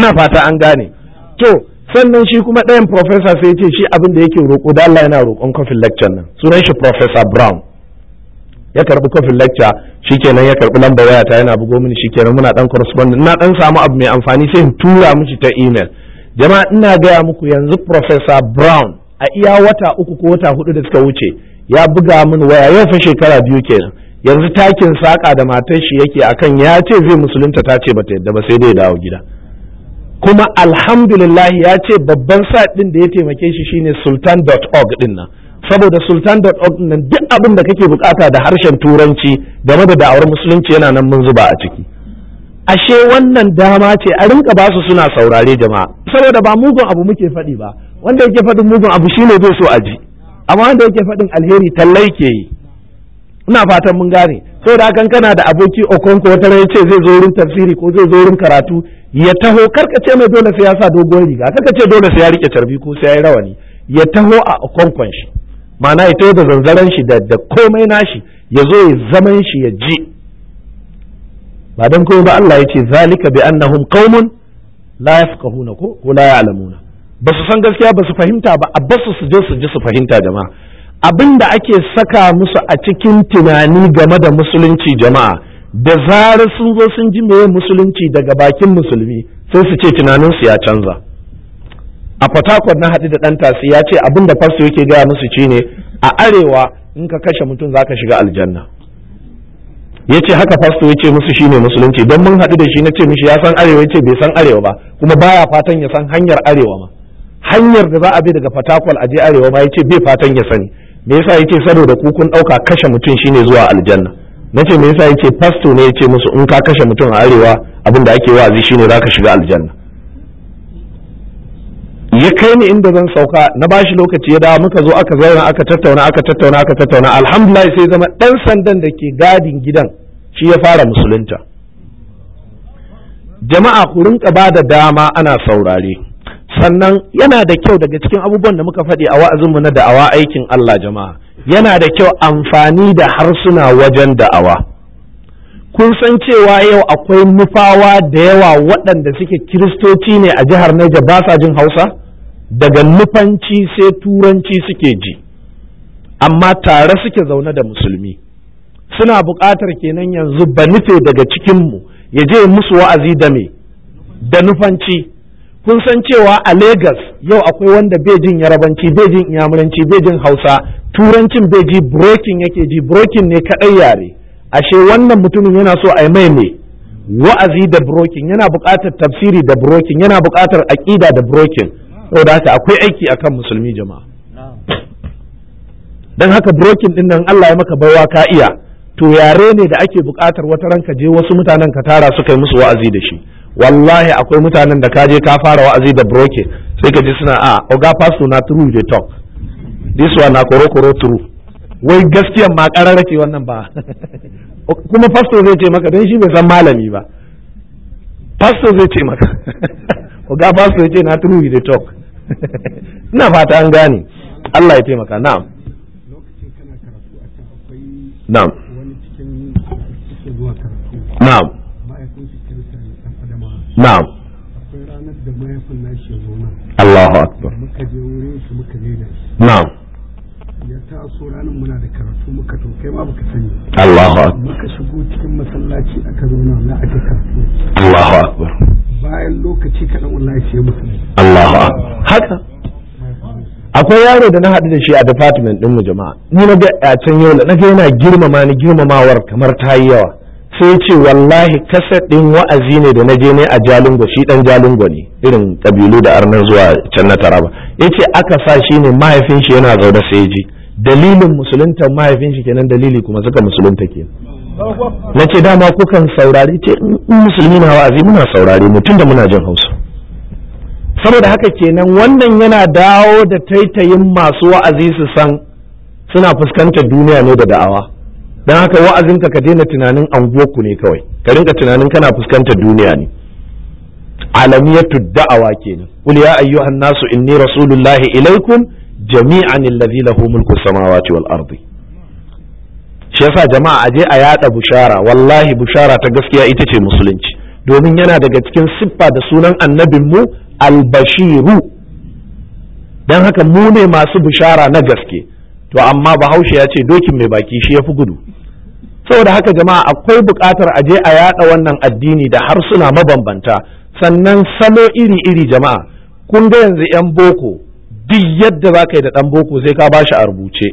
ina fata an gane to sannan shi kuma ɗayan profesa sai ce shi abin da yake roƙo da Allah yana roƙon kofin lecture nan sunan shi profesa Brown ya karbi kofin lecture shikenan ya karbi lambar waya ta yana bugo mini shikenan muna dan correspondent na dan samu abu mai amfani sai in tura mishi ta email jama'a ina gaya muku yanzu profesa Brown a iya wata uku ko wata hudu da suka wuce ya buga min waya yau fa shekara biyu kenan yanzu takin saƙa da matar shi yake akan ya ce zai musulunta ta ce bata yadda ba sai dai dawo gida kuma alhamdulillah ya ce babban site din da ya taimake shi shine sultan.org din nan saboda sultan.org nan duk abin da kake bukata da harshen turanci game da da'awar musulunci yana nan mun zuba a ciki ashe wannan dama ce a rinka ba su suna saurare jama'a saboda ba mugun abu muke faɗi ba wanda yake faɗin mugun abu shine zai so a ji amma wanda yake faɗin alheri tallai ke yi ina fatan mun gane saboda hakan kana da aboki okonko wata ya ce zai zo wurin tafsiri ko zai zo wurin karatu ya taho karka ce mai dole sai ya sa dogon riga karka ce dole sai ya rike carbi ko sai ya yi rawani ya taho a kwankwan shi ma'ana ya taho da zanzaren shi da da komai nashi ya zo ya zaman shi ya ji ba dan kuma ba Allah ya ce zalika bi annahum qaumun la yafqahuna ko ko la ya'lamuna ba su san gaskiya ba su fahimta ba a basu su je su ji su fahimta jama'a abin da ake saka musu a cikin tunani game da musulunci jama'a da zarar sun zo sun ji meye musulunci daga bakin musulmi sai su ce tunaninsu ya canza a fatakwar na haɗu da ɗan tasi ya ce abin da fasto yake gaya musu ci ne a arewa in ka kashe mutum za ka shiga aljanna ya ce haka fasto ya ce musu shi ne musulunci don mun haɗu da shi na ce mishi ya san arewa ya ce bai san arewa ba kuma baya fatan ya san hanyar arewa ma hanyar da za a bi daga fatakwal a je arewa ma ya ce bai fatan ya sani me yasa ya ce saboda kukun ɗauka kashe mutum shi ne zuwa aljanna na ce me yasa yace fasto ne ce musu in ka kashe mutum a arewa abin da ake wa'azi shine ka shiga aljanna ya kai ni inda zan sauka na bashi lokaci ya dawo muka zo aka zauna aka tattauna aka tattauna aka tattauna alhamdulillah sai zama dan sandan da ke gadin gidan shi ya fara musulunta jama'a ku rinka ba da dama ana saurare sannan yana da kyau daga cikin abubuwan da muka faɗi a wa'azinmu na da'awa aikin Allah jama'a yana da kyau amfani da harsuna wajen da'awa kun san cewa yau akwai nufawa da yawa waɗanda suke kiristoci ne a jihar Niger ba sa jin Hausa daga nufanci sai turanci suke ji amma tare suke zaune da musulmi suna buƙatar kenan yanzu ba nufe daga cikinmu ya je musu wa'azi da me da nufanci kun san cewa a Legas yau akwai wanda bai jin yarabanci bai jin iyamuranci bai jin hausa turancin bai ji brokin yake ji brokin ne kaɗai yare ashe wannan mutumin yana so a yi mai ne wa'azi da brokin yana buƙatar tafsiri da brokin yana buƙatar aƙida da brokin da haka akwai aiki akan musulmi jama'a dan haka brokin ɗinnan nan Allah ya maka baiwa ka iya to yare ne da ake buƙatar wata ranka je wasu mutanen ka tara suka yi musu wa'azi da shi wallahi akwai mutanen da kaje ka fara wa'azi da broke sai ka ji suna a ah, oga pastor na true dey talk this one na koro koro true wai gaskiya ma karara ce wannan ba kuma pastor zai ce maka don shi bai san malami ba pastor zai ce maka oga pastor ya ce na true dey talk ina fata an gane Allah ya taimaka na'am na'am na'am na'am Allahu akbar muka na'am ya taso ranar muna da karatu muka to kai ma baka sani Allahu akbar muka shigo cikin masallaci aka zo nan na aka karatu Allahu akbar bayan lokaci kaɗan wallahi sai musu Allahu akbar haka akwai yaro da na hadu da shi a department din mu jama'a ni na ga a can yau na ga yana girmama ni girmamawar kamar tayi yawa sai ce wallahi kasadin wa'azi ne da na je ne a jalingo shi dan jalingo ne irin kabilu da arnar zuwa can na taraba Ya ce aka sa shi ne mahaifin shi yana zaune sai ji dalilin musulunta mahaifin shi kenan dalili kuma suka musulunta kenan na ce dama kukan saurari ce in musulmi na wa'azi muna saurari mu da muna jin hausa saboda haka kenan wannan yana dawo da taitayin masu wa'azi su san suna fuskantar duniya ne da da'awa dan haka wa'azinka ka daina tunanin anguwarku ne kawai ka rinka tunanin kana fuskantar duniya ne alamiyatu da'awa kenan qul ya ayyuhan nasu inni rasulullahi ilaikum jami'an allazi lahu mulku samawati wal ardi shi yasa jama'a aje a yada bushara wallahi bushara ta gaskiya ita ce musulunci domin yana daga cikin siffa da sunan annabin mu al Bashiru, dan haka mu ne masu bushara na gaske to amma bahaushe ya ce dokin mai baki shi ya fi gudu saboda haka jama'a akwai buƙatar a je a yaɗa wannan addini da harsuna mabambanta sannan salo iri-iri jama'a kun ga yanzu 'yan boko duk yadda za ka yi da ɗan boko sai ka bashi a rubuce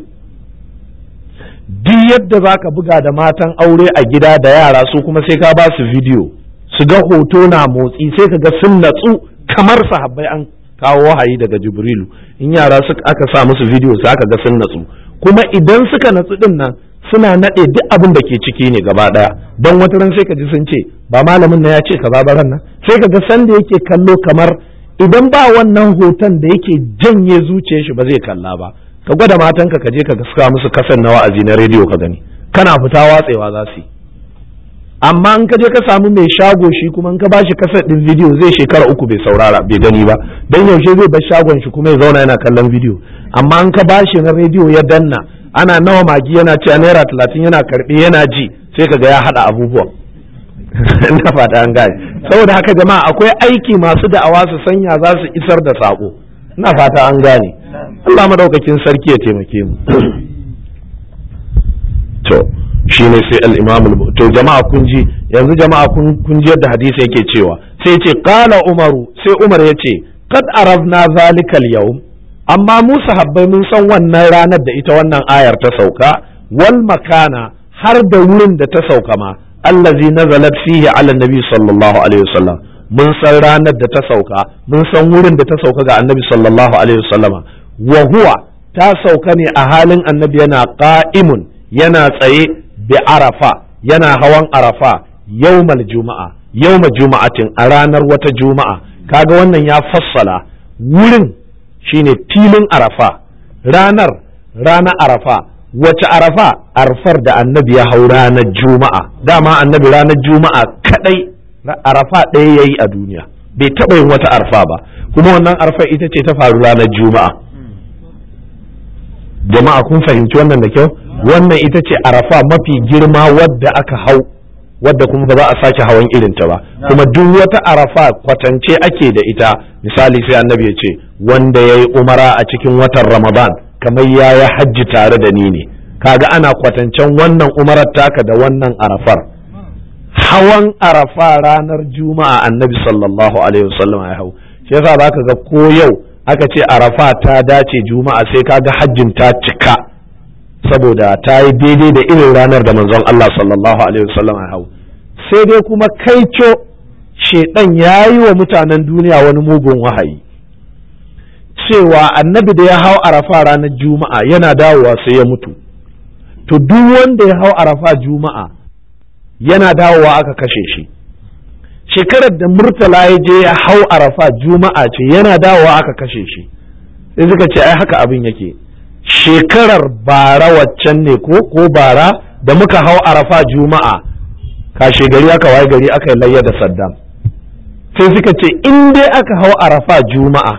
duk yadda za ka buga da matan aure a gida da yara su kuma sai ka ba su bidiyo su ga hoto na motsi sai ka ga sun natsu kamar sahabbai an kawo wahayi daga jibrilu in yara suka aka sa musu bidiyo sai aka ga sun natsu kuma idan suka natsu din nan suna nade duk abin da ke ciki ne gaba daya don wata ran sai ka ji sun ce ba malamin na ya ce ka ba nan sai ka ga san da yake kallo kamar idan ba wannan hoton da yake janye zuciyar shi ba zai kalla ba ka gwada matanka ka je ka gaska musu kasan na wa'azi na rediyo ka gani kana fita watsewa za su yi amma in ka je ka samu mai shago shi kuma in ka bashi kasar din bidiyo zai shekara uku bai saurara bai gani ba don yaushe zai bar shagon shi kuma ya zauna yana kallon bidiyo amma in ka bashi na rediyo ya danna ana nawa magi yana ci a naira talatin yana karbe yana ji sai ka ga ya hada abubuwa na fata an gane saboda haka jama'a akwai aiki masu da'awa su sanya za su isar da sako na fata an gane Allah madaukakin sarki ya taimake mu shine sai al to jama'a kun ji yanzu jama'a kun ji yadda hadisi yake cewa sai ce kala umaru sai umar yace qad arafna zalika zalikal yau. amma mu sahabbai mun san wannan ranar da ita wannan ayar ta sauka wal makana har da wurin da ta sauka ma allazi nazalat fihi ala nabi sallallahu alaihi wasallam mun san ranar da ta sauka mun san wurin da ta sauka ga annabi sallallahu alaihi wasallama wa huwa ta sauka ne a halin annabi yana qa'imun yana tsaye bi arafa yana hawan arafa yawmal juma'a yawma juma'atin a ranar wata juma'a kaga wannan ya fassala wurin shine tilin arafa ranar ranar arafa wace arafa arfar da annabi ya hau ranar juma'a dama annabi ranar juma'a kadai arafa ɗaya ya yi a duniya bai taɓa yin wata arfa ba kuma wannan arfa ita ce ta faru ranar juma'a jama'a kun fahimci wannan da kyau wannan ita ce arafa mafi girma wadda aka hau wadda kuma ba za a sake hawan irin ta ba kuma duk wata arafa kwatance ake da ita misali sai annabi ya ce wanda ya yi umara a cikin watan ramadan kamar ya yi hajji tare da ni ne kaga ana kwatancen wannan umarar taka da wannan arafar hawan arafa ranar juma'a annabi sallallahu alaihi wasallam ya hau shi yasa zaka ga ko yau aka ce arafa ta dace juma'a sai kaga hajjin ta cika saboda ta yi daidai da irin ranar da manzon Allah sallallahu alaihi wasallam ya hau sai dai kuma kai co shedan ya yi wa mutanen duniya wani mugun wahayi cewa annabi da ya hau arafa ranar juma'a yana dawowa sai ya mutu to duk wanda ya hau arafa juma'a yana dawowa aka kashe shi shekarar da murtala ya je ya hau arafa juma'a ce yana dawowa aka kashe shi sai suka ce ai haka abin yake shekarar bara waccan ne ko bara da muka hau arafa juma'a kashe gari aka waye gari aka yi layya da saddam sai suka ce in dai aka hau arafa juma'a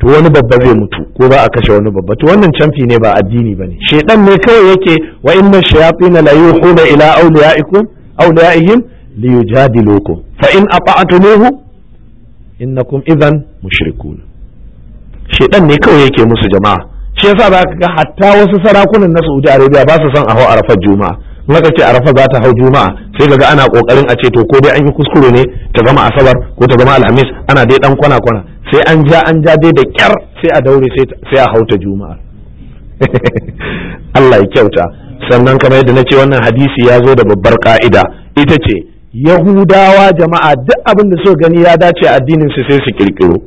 to wani babba zai mutu ko ba a kashe wani babba to wannan canfi ne ba addini ba ne shedan ne kawai yake wa inna shayatin la yuhuna ila awliyaikum awliyaihim yujadilukum fa in ata'tumuhu innakum idhan mushrikun shedan ne kawai yake musu jama'a shi yasa za ka ga hatta wasu sarakunan na Saudi Arabia ba su son a hau arafar juma'a kuma ce Arafat za ta hau juma'a sai kaga ana kokarin a ce to ko dai an yi kuskure ne ta zama asabar ko ta zama alhamis ana dai dan kwana kwana sai an ja an ja dai da kyar sai a daure sai a hauta juma'a Allah ya kyauta sannan kamar yadda na ce wannan hadisi ya zo da babbar ka'ida ita ce yahudawa jama'a duk abin da suka gani ya dace addinin su sai su kirkiro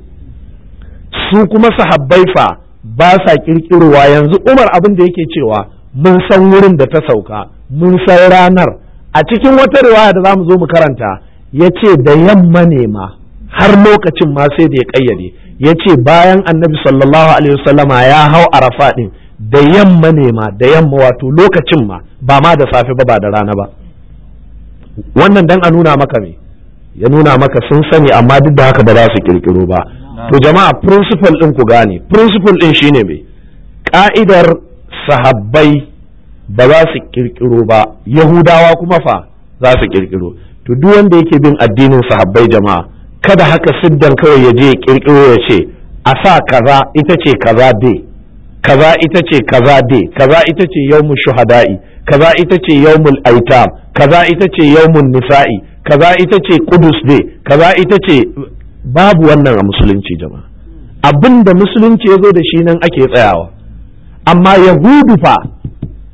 su kuma sahabbai fa ba sa kirkirowa yanzu umar abin da yake cewa mun san wurin da ta sauka mun san ranar a cikin wata riwaya da za mu zo mu karanta ya ce da yamma ne ma har lokacin ma sai da ya ƙayyade ya ce bayan annabi sallallahu alaihi wasallama ya hau arafa din da yamma ne ma da yamma wato lokacin ma ba ma da safe ba ba da rana ba wannan dan a nuna maka me ya nuna maka sun sani amma duk da haka ba za su kirkiro ba to jama'a principal ɗin ku gane principal ɗin shine mai ka'idar sahabbai ba za su kirkiro ba yahudawa kuma fa za su kirkiro to duk wanda yake bin addinin sahabbai jama'a kada haka siddan kawai ya je kirkiro ya ce a sa kaza ita ce kaza dai kaza ita ce kaza dai kaza ita ce yawmul shuhada'i kaza ita ce yawmul aitam kaza ita ce yawmul nisa'i kaza ita ce kudus dai kaza ita ce babu wannan a musulunci jama'a abin da musulunci ya zo da shi nan ake tsayawa amma yahudu fa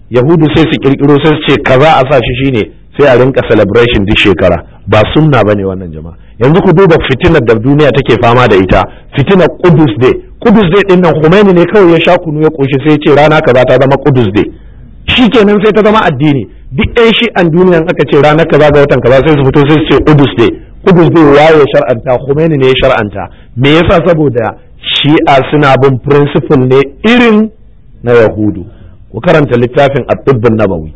yahudu sai su kirkiro sai su ce kaza a sa shi shine sai a rinka celebration duk shekara ba sunna bane wannan jama'a yanzu ku duba fitinar da duniya take fama da ita fitinar kudus Day kudus Day din nan Khomeini ne kawai ya sha kunu ya koshi sai ya ce rana kaza ta zama Qudus Day shikenan sai ta zama addini duk ɗan shi'an duniya aka ce ranar kaza ga watan kaza sai su fito sai su ce kudus Day kudus zai yi shar'anta Khomeini ne ya shar'anta me yasa saboda shi'a suna bin principle ne irin na yahudu ku karanta littafin at nabawi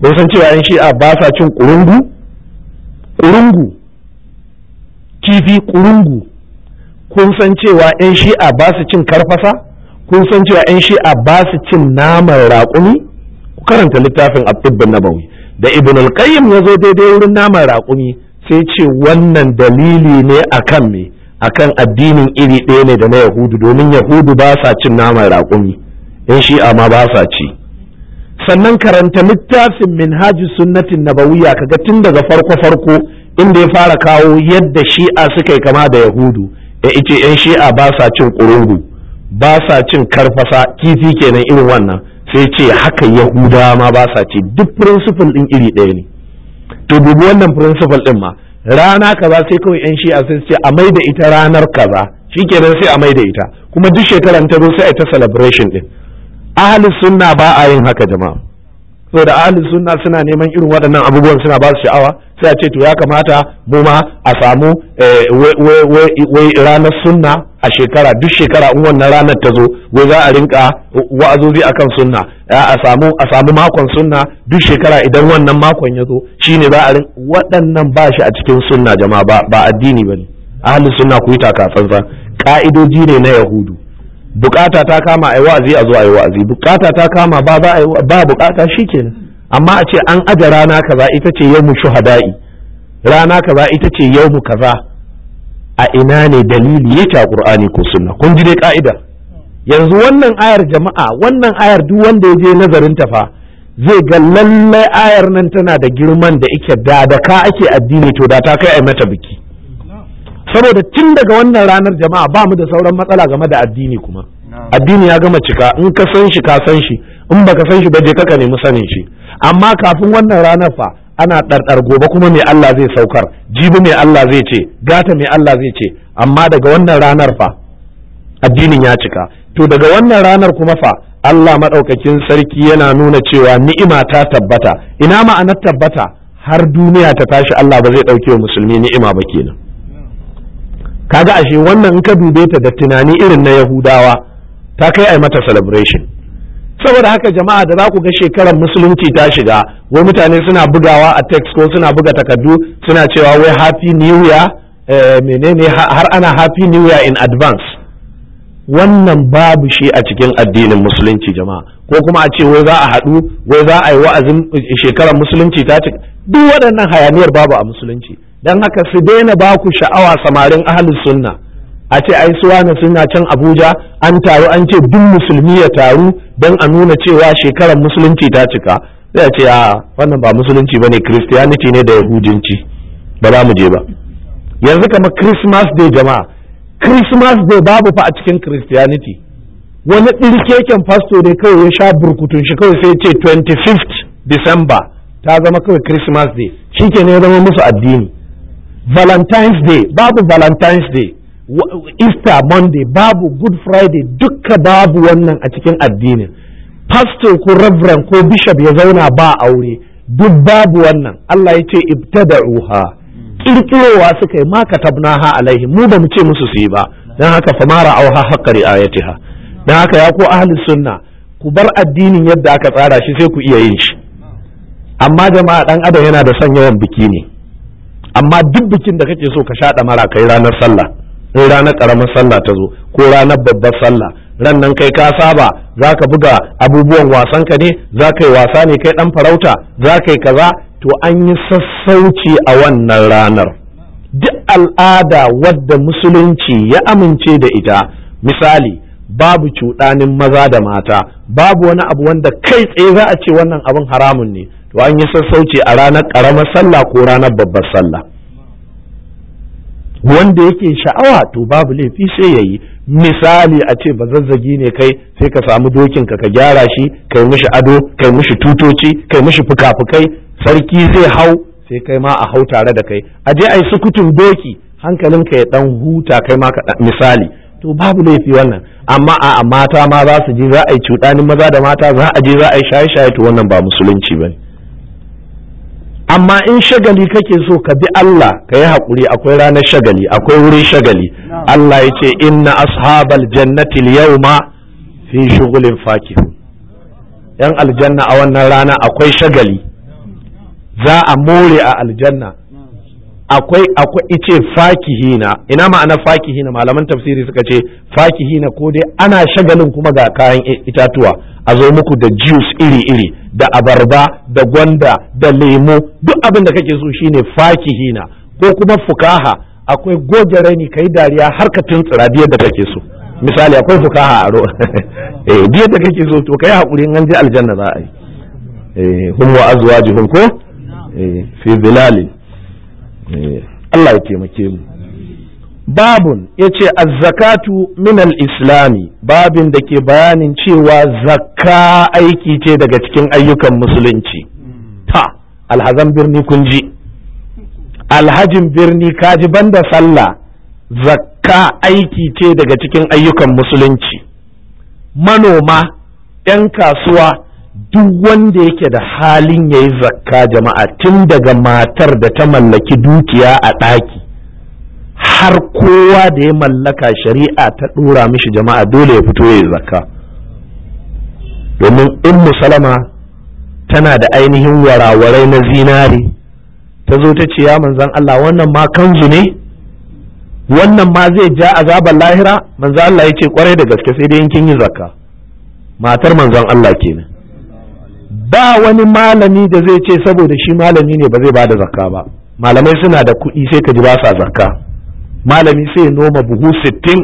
kun san cewa yan shi'a ba sa cin kurungu kurungu kifi kurungu kun san cewa yan shi'a ba su cin karfasa kun san cewa yan shi'a ba su cin naman raƙumi ku karanta littafin at nabawi da ibn al-qayyim ya zo daidai wurin naman raƙumi sai ce wannan dalili ne akan me kan addinin iri ɗaya ne da na yahudu domin yahudu ba sa cin naman raƙumi yan shi'a ma ba sa ci sannan karanta littafin haji sunnatin nabawiya kaga tun daga farko farko inda ya fara kawo yadda shi'a suka yi kama da yahudu ya ice yan shi'a ba sa cin ƙurungu ba sa cin karfasa kifi kenan irin wannan sai ce haka yahudawa ma ba sa ci duk firinsifin ɗin iri ɗaya ne to dubi wannan principle din ma rana kaza sai kawai yan shi'a sai ce a mai da ita ranar kaza shikenan sai a mai da ita kuma duk shekaran ta zo sai a ta celebration din ahlus sunna ba a yin haka jama'a so da ahlus sunna suna neman irin waɗannan abubuwan suna ba su sha'awa sai a ce to ya kamata mu ma a samu eh, ranar sunna a shekara duk shekara in wannan ranar ta zo wai za a rinka wa'azozi akan sunna a a samu makon sunna duk shekara idan wannan makon ya zo shine za a rinka waɗannan ba shi a cikin sunna jama'a ba addini ba ne. ahlus sunna ku yi taka tsantsan ka'idoji ne na yahudu bukata ta kama yi wa'azi a zo yi wa'azi bukata ta kama ba za a ba ba bukata shikenan amma a ce an aje rana kaza ita ce mu shuhada'i rana kaza ita ce mu kaza a ina ne dalili yake ta qur'ani ko sunna kun ji dai ka'ida yanzu wannan ayar jama'a wannan ayar duk wanda ya je nazarin ta fa zai ga lallai ayar nan tana da girman da ike da da ka ake addini to da ta kai ai mata biki saboda tun daga wannan ranar jama'a ba mu da sauran matsala game da addini kuma addini ya gama cika in ka san shi ka san shi in baka san shi ba je ka nemi sanin shi amma kafin wannan ranar fa ana ɗarɗar gobe kuma mai Allah zai saukar jibi mai Allah zai ce gata mai Allah zai ce amma daga wannan ranar fa addinin ya cika to daga wannan ranar kuma fa Allah maɗaukakin sarki yana nuna cewa ni'ima ta tabbata ina ma'anar tabbata har duniya ta tashi Allah ba zai ɗauke wa musulmi ni'ima ba kenan kaga ashe wannan in ka dube ta da tunani irin na yahudawa ta kai ai mata celebration saboda haka jama'a da za ku ga shekarar musulunci ta shiga wai mutane suna bugawa a text ko suna buga takardu suna cewa wai happy new year eh, menene har ana happy new year in advance wannan babu shi a cikin addinin musulunci jama'a ko kuma a ce wai za a haɗu wai za a yi wa'azin shekarar musulunci ta duk waɗannan hayaniyar babu a musulunci dan haka su daina ba ku sha'awa samarin ahlus sunna a ce ai su wani suna can Abuja an taru an ce duk musulmi ya taru Don a nuna cewa shekarar musulunci ta cika sai a ce a wannan ba musulunci bane Christianity ne da yahudinci ba za mu je ba yanzu kamar Christmas day jama'a Christmas day babu fa a cikin Christianity wani ɗirkeken fasto ne kawai ya sha burkutun shi kawai sai ce 25th December ta zama kawai Christmas day shi ne ya zama musu addini valentine's day babu valentine's day easter monday babu good friday dukka babu wannan a cikin addinin pastor ko reverend ko bishop ya zauna ba aure duk babu wannan Allah ya ce ibtada'uha ƙirƙirowa suka yi ma ha alaihi mu ba mu ce musu su yi ba dan haka fa mara auha haqqa ha. dan haka ya ko ahli sunna ku bar addinin yadda aka tsara shi sai ku iya yin shi amma jama'a ɗan adam yana da son yawan biki ne amma duk bikin da kake so ka sha mara kai ranar sallah in ranar karamar sallah ta zo ko ranar babbar sallah ran nan kai ka saba za ka buga abubuwan wasan ka ne za ka yi wasa ne kai dan farauta za ka yi kaza to an yi sassauci a wannan ranar duk al'ada wadda musulunci ya amince da ita misali babu cuɗanin maza da mata babu wani abu wanda kai tsaye za a ce wannan abin haramun ne to an yi sassauci a ranar ƙaramar sallah ko ranar babbar sallah wanda yake sha'awa to babu laifi sai ya yi misali a ce zazzagi ne kai sai ka samu dokin ka ka gyara shi kai mishi ado kai mishi tutoci kai mishi fuka-fukai sarki zai hau sai kai ma a hau tare da kai a je a yi sukutun doki hankalin ka ya dan huta kai ma ka misali to babu laifi wannan amma a mata ma za su je za a yi cuɗanin maza da mata za a je za a yi shaye-shaye to wannan ba musulunci ba ne amma in shagali kake so ka bi Allah ka yi haƙuri akwai ranar shagali akwai wurin shagali Allah ya ce inna ashabal jannati yawma fi shughulin fakihu yan aljanna a wannan rana akwai shagali za a more a aljanna akwai akwai ice fakihina ina ma'ana fakihina malaman tafsiri suka ce fakihina ko dai ana shagalin kuma ga kayan itatuwa a zo muku da juice iri iri da abarba da gwanda da lemo duk abin da kake so shine fakihina ko kuma fukaha akwai goge raini kai dariya har ka tuntsira biyar da kake so misali akwai fukaha a ro eh biyar da kake so to kai hakuri in an je aljanna za a yi eh hum wa azwajuhum ko eh fi dhilali eh, Allah ya taimake mu babun ya ce zakatu minal islami babin da ke bayanin cewa zakka aiki ce daga cikin ayyukan musulunci ta alhazan birni kunji alhajin birni kaji banda sallah zakka aiki ce daga cikin ayyukan musulunci manoma 'yan kasuwa duk wanda yake da halin ya yi zakka jama'a tun daga matar da ta mallaki dukiya a ɗaki har kowa da ya mallaka shari'a ta ɗora mishi jama'a dole ya fito ya zakka domin in musalama tana da ainihin warawarai na zinari ta zo ta ce ya manzan Allah wannan ma kanzu ne wannan ma zai ja azabar lahira manzan Allah ya ce kwarai da gaske sai dai kin yi zakka matar manzan Allah kenan ba wani malami da zai ce saboda shi malami ne ba zai bada zakka ba malamai suna da kuɗi sai ka ji ba sa zakka malami sai ya noma buhu sittin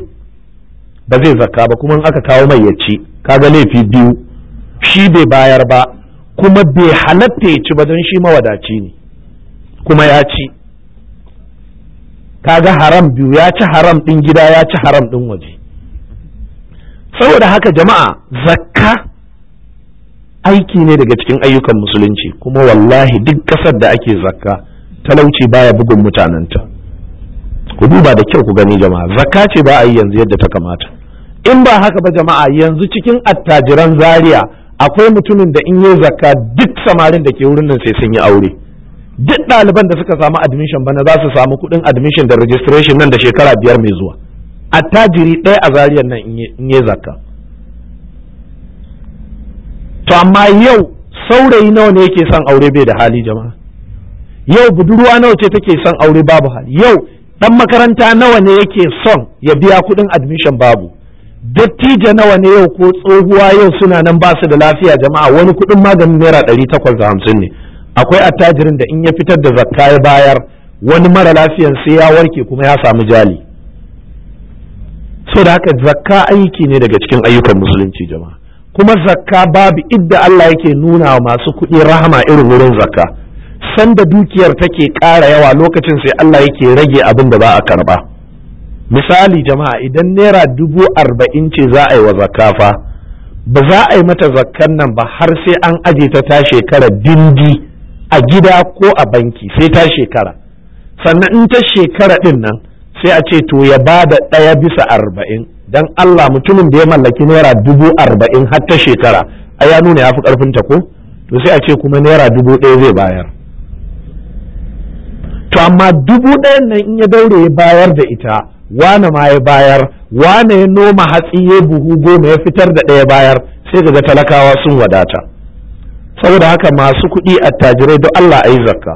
ba zai zakka ba kuma in aka kawo mai yaci kaga laifi biyu shi bai bayar ba kuma bai halatta ya ci ba don shi mawadaci ne kuma ya ci kaga haram biyu ya ci haram ɗin gida ya ci haram ɗin waje saboda haka jama'a zakka aiki ne daga cikin ayyukan musulunci kuma wallahi duk ƙasar da ake zakka talauci baya bugun mutanenta ku duba da kyau ku gani jama'a zakka ce ba a yi yanzu yadda ta kamata in ba haka ba jama'a yanzu cikin attajiran zaria akwai mutumin da in yi zakka duk samarin da ke wurin nan sai sun yi aure duk ɗaliban da suka samu admission bana za su samu kuɗin admission da registration nan da shekara biyar mai zuwa attajiri ɗaya a zariyar nan in yi zakka to amma yau saurayi nawa ne yake son aure bai da hali jama'a yau budurwa nawa ce take son aure babu hali yau dan makaranta nawa ne yake son ya biya kuɗin admission babu dattijo nawa ne yau ko tsohuwa yau suna nan ba su da lafiya jama'a wani kuɗin maganin naira ɗari takwas da hamsin ne akwai attajirin da in ya fitar da zakka ya bayar wani mara lafiyan sai ya warke kuma ya samu jali so da haka zakka aiki ne daga cikin ayyukan musulunci jama'a kuma zakka babu idda Allah yake nuna masu kuɗi rahama irin wurin zakka sanda dukiyar take ƙara yawa lokacin sai Allah yake rage abin da ba a karba misali jama'a idan naira dubu arba'in ce za a yi wa zakka fa ba za a yi mata zakkan nan ba har sai an aje ta ta shekara dindi a gida ko a banki sai ta shekara sannan in ta shekara din nan sai a ce to ya ba da ɗaya bisa arba'in don Allah mutumin da ya mallaki naira dubu arba'in har ta shekara a ya nuna ya fi ƙarfin ta ko to sai a ce kuma naira dubu ɗaya zai bayar to amma dubu ɗayan nan in ya daure ya bayar da ita wane ma ya bayar wane ya noma hatsi ya buhu goma ya fitar da ɗaya bayar sai ga talakawa sun wadata saboda haka masu kuɗi attajirai don Allah a yi zakka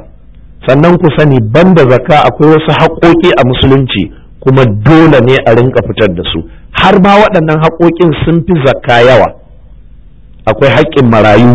sannan ku sani banda zakka akwai wasu haƙoƙi a musulunci kuma dole ne a rinka fitar da su har ma waɗannan haƙoƙin sun fi zakka yawa akwai haƙƙin marayu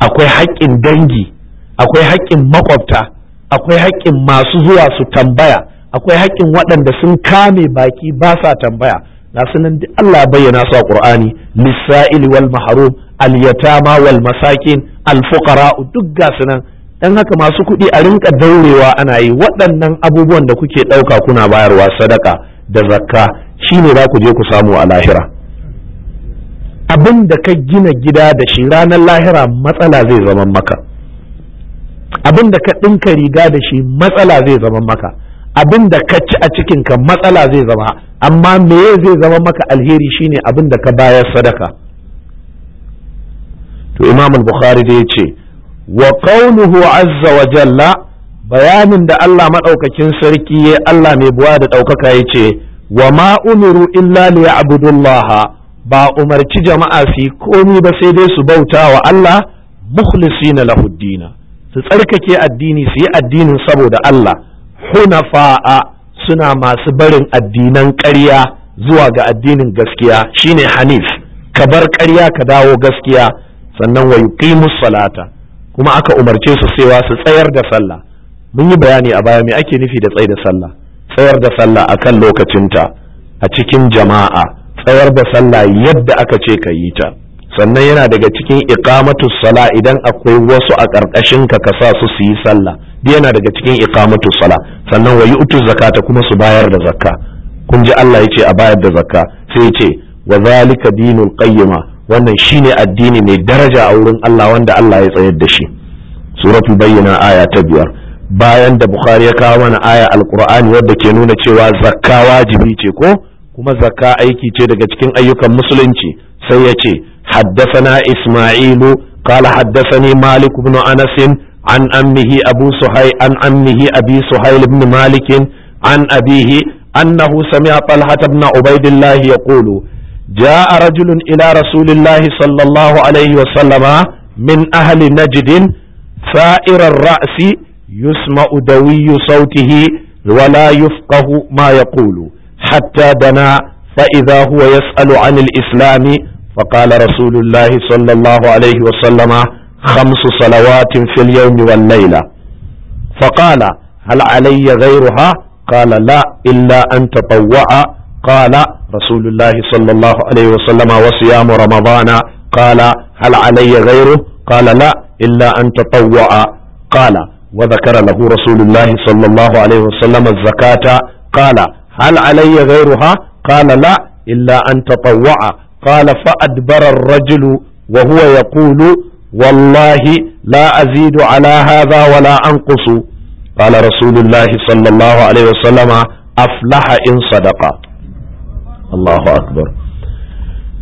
akwai haƙƙin dangi akwai haƙƙin makwabta akwai haƙƙin masu zuwa su tambaya akwai haƙƙin waɗanda sun kame baki ba sa tambaya ga sunan duk Allah bayyana su a Qur'ani lisa'il wal mahrum al yatama wal masakin al fuqara duk ga sunan dan haka masu kuɗi a rinka daurewa ana yi waɗannan abubuwan da kuke ɗauka kuna bayarwa sadaka da zakka shine za ku je ku samu a lahira abin da ka gina gida da shi ranar lahira matsala zai zama maka abin da ka ɗinka riga da shi matsala zai zama maka abin da ka ci a cikinka matsala zai zama amma meye zai zama maka alheri shine abin da ka bayar sadaka to imam al-bukhari da ya ce wa kaunuhu azza wa jalla bayanin da Allah maɗaukakin sarki ya Allah mai buwa da ɗaukaka ya ce wa ma umiru illa liya'budullaha ba umarci jama'a su yi komi ba sai dai su bauta wa Allah mukhlisina lahuddina su tsarkake addini su yi addinin saboda Allah hunafa'a suna masu barin addinan ƙarya zuwa ga addinin gaskiya shine hanif ka bar ƙarya ka dawo gaskiya sannan wa yuqimus salata kuma aka umarce su cewa su tsayar da sallah mun yi bayani a baya me ake nufi da tsayar da sallah tsayar da sallah akan lokacinta a cikin jama'a tsayar da sallah yadda aka ce ka yi ta sannan yana daga cikin iqamatu sala idan akwai wasu a ƙarƙashin ka ka sa su yi sallah duk yana daga cikin iqamatu sala sannan wa yu'tu zakata kuma su bayar da zakka kun ji Allah yace a bayar da zakka sai ya ce wa zalika dinul qayyima wannan shine addini mai daraja a wurin Allah wanda Allah ya tsayar da shi suratu bayyana aya ta biyar bayan da bukhari ya kawo mana aya alqur'ani wadda ke nuna cewa zakka wajibi ce ko kuma zakka aiki ce daga cikin ayyukan musulunci sai ya ce haddasana isma'ilu qala haddasani malik ibn anas an ammihi abu suhai an ammihi abi suhail ibn malik an abihi annahu sami'a talha ibn ubaidillah yaqulu جاء رجل إلى رسول الله صلى الله عليه وسلم من أهل نجد ثائر الرأس يسمع دوي صوته ولا يفقه ما يقول حتى دنا فإذا هو يسأل عن الإسلام فقال رسول الله صلى الله عليه وسلم خمس صلوات في اليوم والليلة فقال هل علي غيرها قال لا إلا أن تطوع قال رسول الله صلى الله عليه وسلم وصيام رمضان قال هل علي غيره قال لا إلا أن تطوع قال وذكر له رسول الله صلى الله عليه وسلم الزكاة قال هل علي غيرها قال لا إلا أن تطوع qala fa adbara ar-rajulu wa huwa yaqulu wallahi la azidu ala hadha wa la anqusu qala rasulullah sallallahu alaihi wasallam aflaha in sadaqa Allahu akbar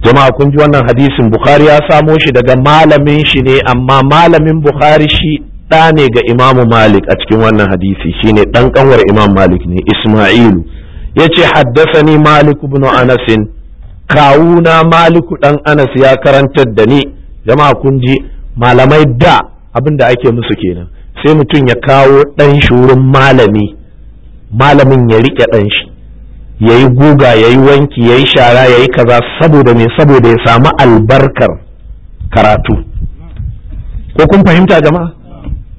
jama'a kun ji wannan hadisin bukhari ya samo shi daga malamin shi ne amma malamin bukhari shi ɗa ne ga imamu malik a cikin wannan hadisi shine ɗan ƙanwar imam malik ne isma'ilu ya ce haddasani malik ibn anasin kawuna maliku ɗan anas ya karantar da ni jama'a kun ji malamai da abin da ake musu kenan sai mutum ya kawo dan shurin wurin malami malamin ya rike dan shi ya yi guga ya yi wanki ya yi shara ya yi kaza saboda mai saboda ya samu albarkar karatu ko kun fahimta jama'a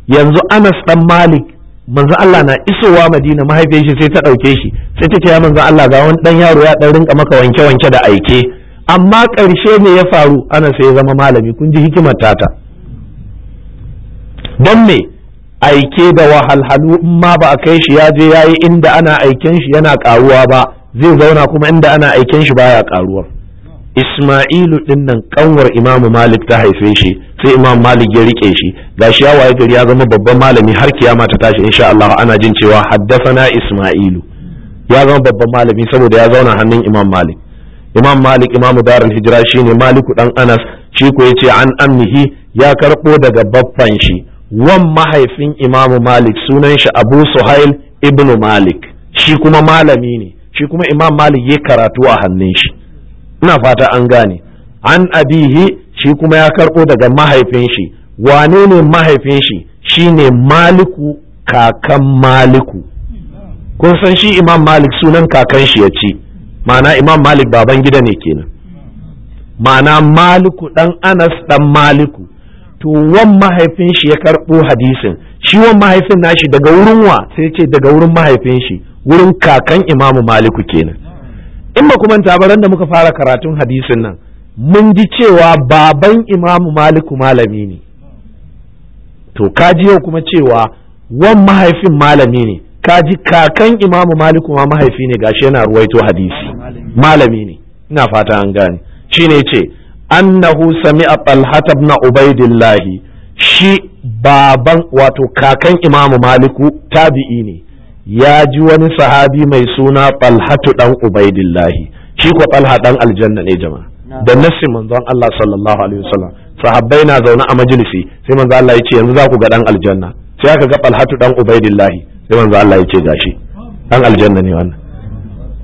yanzu anas ɗan malik manzo Allah na isowa Madina mahaifiyar shi sai ta ɗauke shi sai ta ce ya manzo Allah ga wani dan yaro ya dan rinka maka wanke wanke da aike amma ƙarshe ne ya faru ana sai ya zama malami kun ji hikimar tata don me aike da wahalhalu in ma ba a kai shi ya je yayi inda ana aiken shi yana karuwa ba zai zauna kuma inda ana aiken shi baya karuwa Ismailu din nan kanwar Imam Malik ta haife shi sai Imam Malik ya rike shi gashi ya waye gari ya zama babban malami har kiyama ta tashi insha Allah ana jin cewa haddasa na Ismailu ya zama babban malami saboda ya zauna hannun Imam Malik Imam Malik Imam Darul Hijra shine Maliku ɗan Anas shi ko yace an annihi ya karɓo daga babban shi wan mahaifin Imam Malik sunan shi Abu Suhail ibn Malik shi kuma malami ne shi kuma Imam Malik ya karatu a hannun shi ina fata an gane an abihi shi kuma ya karɓo daga mahaifin shi wane ne mahaifin shi ne maliku kakan maliku kun san shi imam malik sunan kakan shi ya ci ma'ana imam malik baban gida ne kenan ma'ana maliku dan anas dan maliku to wan mahaifin shi ya karɓo hadisin shi wan mahaifin nashi daga wurin wa sai ce daga wurin mahaifin shi wurin kakan imamu maliku kenan in ba kuma tabaran da muka fara karatun hadisin nan mun ji cewa baban imamu maliku malami ne to kaji yau kuma cewa wan mahaifin malami ne kaji kakan imamu maliku ma mahaifi ne gashi yana ruwaito hadisi malami ne ina fata an gane ne ce annahu sami'a talhat ibn ubaidillahi shi baban wato kakan imamu maliku tabi'i ne ya ji wani sahabi mai suna ɓalhatu dan ubaidillahi shi ko ɓalha dan aljanna ne jama'a da nassi manzon Allah sallallahu alaihi wasallam sahabbai na zaune a majalisi sai manzo Allah ya ce yanzu za ku ga dan aljanna sai aka ga ɓalhatu dan ubaidillahi sai manzo Allah ya ce gashi dan aljanna ne wannan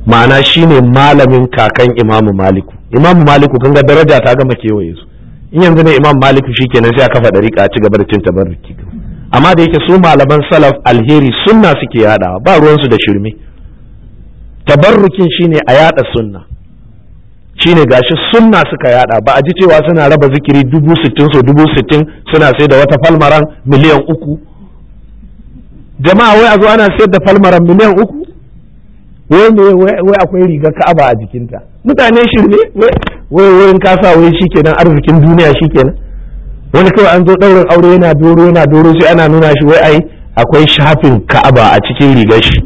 ma'ana shine malamin kakan imamu maliku imamu maliku kun ga daraja ta gama kewaye su in yanzu ne imam maliku shikenan sai aka kafa dariƙa ci gaba da cin tabarruki amma da yake su malaman salaf alheri sunna suke yada ba ruwansu da shirme tabarrukin shine a yada sunna shine gashi sunna suka yada ba a ji cewa suna raba zikiri dubu sittin so dubu sittin suna sai da wata falmaran miliyan uku jama'a wai a zo ana sayar da falmaran miliyan uku wai me wai akwai rigar ka'aba a jikinta mutane shirme wai wurin kasa wai shikenan arzikin duniya shikenan wani kawai an zo ɗaurin aure yana doro yana doro sai ana nuna shi wai ai akwai shafin ka'aba a cikin rigar shi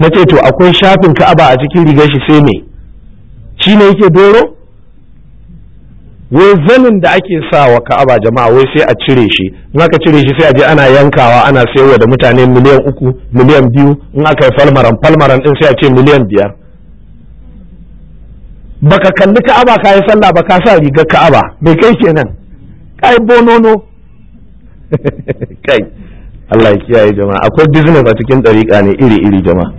na ce to akwai shafin ka'aba a cikin rigar shi sai me shi ne yake doro wai zanin da ake sa wa ka'aba jama'a wai sai a cire shi in aka cire shi sai a je ana yankawa ana sayarwa da mutane miliyan uku miliyan biyu in aka yi falmaran falmaran din sai a ce miliyan biyar baka kalli ka'aba ka yi sallah ba ka sa rigar ka'aba bai kai kenan kai bonono kai Allah ya kiyaye jama'a akwai business a cikin dariƙa ne iri iri jama'a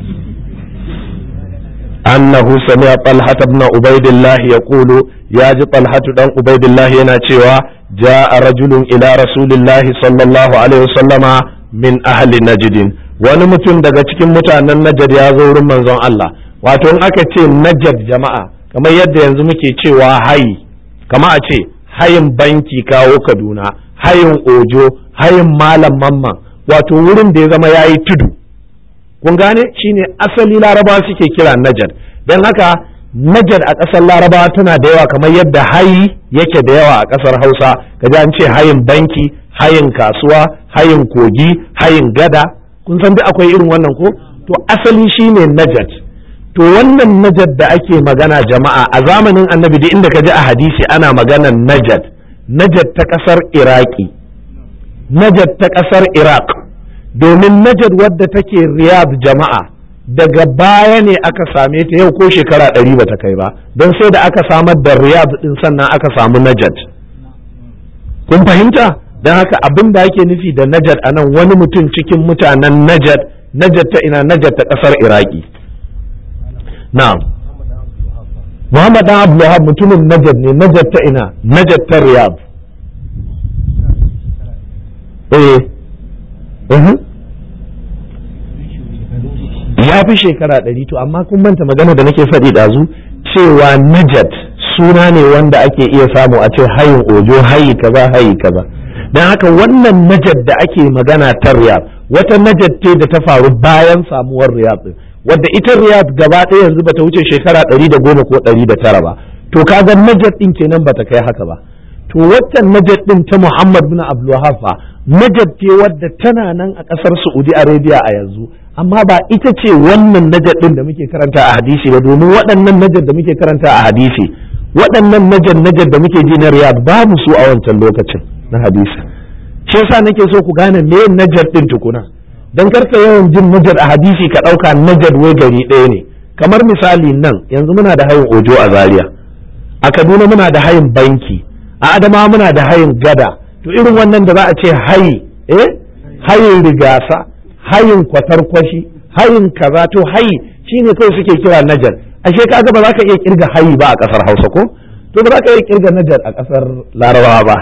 annahu sami'a talha ibn ubaidillah yaqulu ya ji talha dan ubaidillah yana cewa ja'a rajulun ila rasulillah sallallahu alaihi wasallama min ahli najdin wani mutum daga cikin mutanen najd ya zo wurin manzon Allah wato in aka ce najd jama'a kamar yadda yanzu muke cewa hayi kama a ce hayin banki kawo kaduna hayin ojo hayin malam mamman wato wurin da ya zama ya yi tudu kun gane shine asali laraba suke kira najad don haka najad a ƙasar larabawa tana da yawa kamar yadda hayi yake da yawa a ƙasar hausa kaji an ce hayin banki hayin kasuwa hayin kogi hayin gada kun san akwai irin wannan ko to asali shine najad to wannan najad da ake magana jama'a a zamanin annabi da inda ka ji a hadisi ana maganar najad najad ta ƙasar iraki najad ta ƙasar iraq domin najad wadda take riyad jama'a daga baya ne aka same ta yau ko shekara ɗari ba ta kai ba don sai da aka samar da riyad ɗin sannan aka samu najad kun fahimta don haka abin da ake nufi da najad a nan wani mutum cikin mutanen najad najad ta ina najad ta ƙasar iraki na'am Muhammad dan Abdul Wahab mutumin Najd ne Najd ta ina Najd ta Riyadh eh eh ya fi shekara ɗari to amma kun manta magana da nake faɗi ɗazu cewa najat suna ne wanda ake iya samu a ce hayin ojo hayi kaza hayi kaza dan haka wannan najat da ake magana ta riyab wata najat ce da ta faru bayan samuwar riyab wadda ita riyad gaba ɗaya yanzu bata wuce shekara ɗari da goma ko ɗari da tara ba to kaga najar ɗin kenan bata kai haka ba to waccan najar ɗin ta muhammad bin abdulwahab fa najar ce wadda tana nan a ƙasar saudi arabia a yanzu amma ba ita ce wannan najar ɗin da muke karanta a hadisi ba domin waɗannan najar da muke karanta a hadisi waɗannan najar najar da muke ji na riyad babu su a wancan lokacin na hadisi shi yasa nake so ku gane me najar ɗin tukuna don karka yawan jin najad a hadisi ka ɗauka najad wai gari ɗaya ne kamar misali nan yanzu muna da hayin ojo a zaria a kaduna muna da hayin banki a adama muna da hayin gada to irin wannan da za a ce hayi eh hayin rigasa hayin kwatarkwashi hayin kaza to hayi shine kawai suke kira najad ashe kaga ba za ka iya kirga hayi ba a kasar hausa ko to ba za ka iya kirga najad a kasar larabawa ba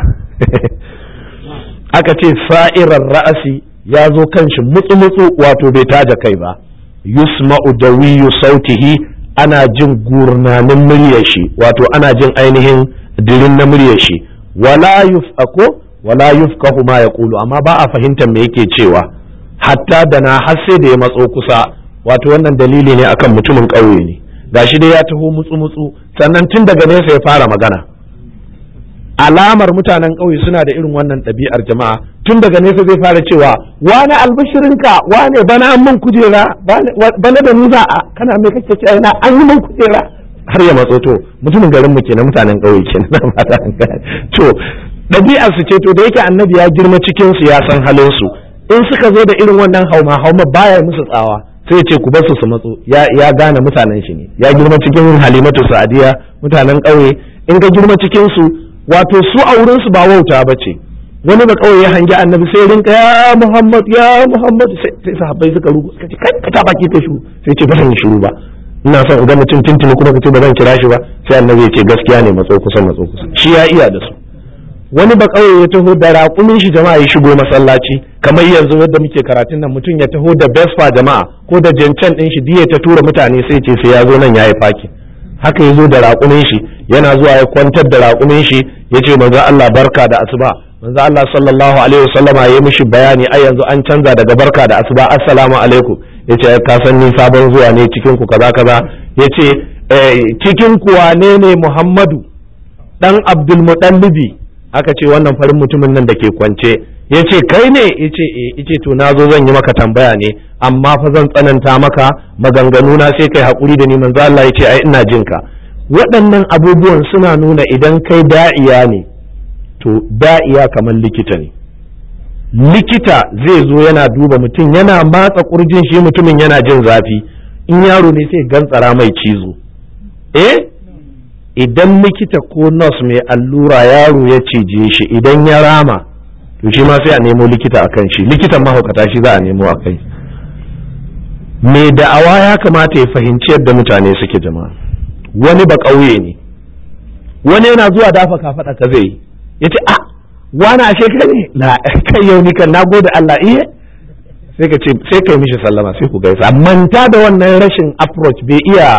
aka ce sa'irar ra'asi ya zo kanshi mutsu-mutsu wato bai taja kai ba yusma'u dawiyu sautihi ana jin gurnanin muryar shi wato ana jin ainihin dirin na muryar shi wala yuf'ako wala yufkahu ma yaqulu amma ba a fahimtar me yake cewa hatta da na har sai da ya matso kusa wato wannan dalili ne akan mutumin ƙauye ne gashi dai ya taho mutsu mutsu sannan tun daga nesa ya fara magana alamar mutanen ƙauye suna da irin wannan ɗabi'ar jama'a tun daga nesa zai fara cewa wani albashirinka wane bana an kujera bana da ni za a kana mai kake ce aina an yi mun kujera har ya matso to mutumin garin mu kenan mutanen ƙauye kenan to ɗabi'ar su ce to da yake annabi ya girma cikin su ya san halin in suka zo da irin wannan hauma hauma baya musu tsawa sai ce ku basu su matso ya gane mutanen shi ne ya girma cikin halimatu sa'adiya mutanen ƙauye in ka girma cikin su wato su a wurin su ba wauta ba ce wani ba kawai ya hangi annabi sai rinka ya muhammad ya muhammad sai sahabbai suka rugu suka ce kai ka ta baki ta sai ce ba zan shiru ba ina son ga mutum tuntuni kuma ka ce ba zan kira shi ba sai annabi ya ce gaskiya ne matso kusa matso kusa shi ya iya da su wani ba kawai ya taho da raƙumin shi jama'a ya shigo masallaci kamar yanzu yadda muke karatun nan mutum ya taho da besfa jama'a ko da jancan din shi diya ta tura mutane sai ce sai ya zo nan ya yi faki. haka ya zo da raƙumin shi yana zuwa ya kwantar da raƙumin shi ya ce maza Allah barka da asuba manzo Allah sallallahu alaihi wasallam ya mishi bayani ai yanzu an canza daga barka da asuba assalamu alaikum yace ka san ni sabon zuwa ne cikin ku kaza kaza yace eh, cikin ku wane ne Muhammadu dan Abdul Mutallibi aka ce wannan farin mutumin nan da ke kwance yace kai ne yace eh yace to nazo zan yi maka tambaya ne amma fa zan tsananta maka maganganu na sai kai hakuri da ni manzo Allah yace ai ina jinka waɗannan abubuwan suna nuna idan kai da'iya ne to da'iya kamar likita ne likita zai zo yana duba mutum yana matsa kurjin shi mutumin yana jin zafi in yaro ne sai gantsara mai cizo eh idan likita ko nurse mai allura yaro ya cije shi idan ya rama to shi ma sai a nemo likita akan shi likitan mahaukata shi za a nemo akan Me mai da'awa ya kamata ya fahimci yadda mutane suke jama'a wani ba ƙauye ne wani yana zuwa dafa kafaɗa ka zai yi ya ce a ah, wani a ka ne Na kai yau ni kan nagode Allah iya eh. sai ka ce sai kai mishi sallama sai ku gaisa manta da wannan rashin approach bai iya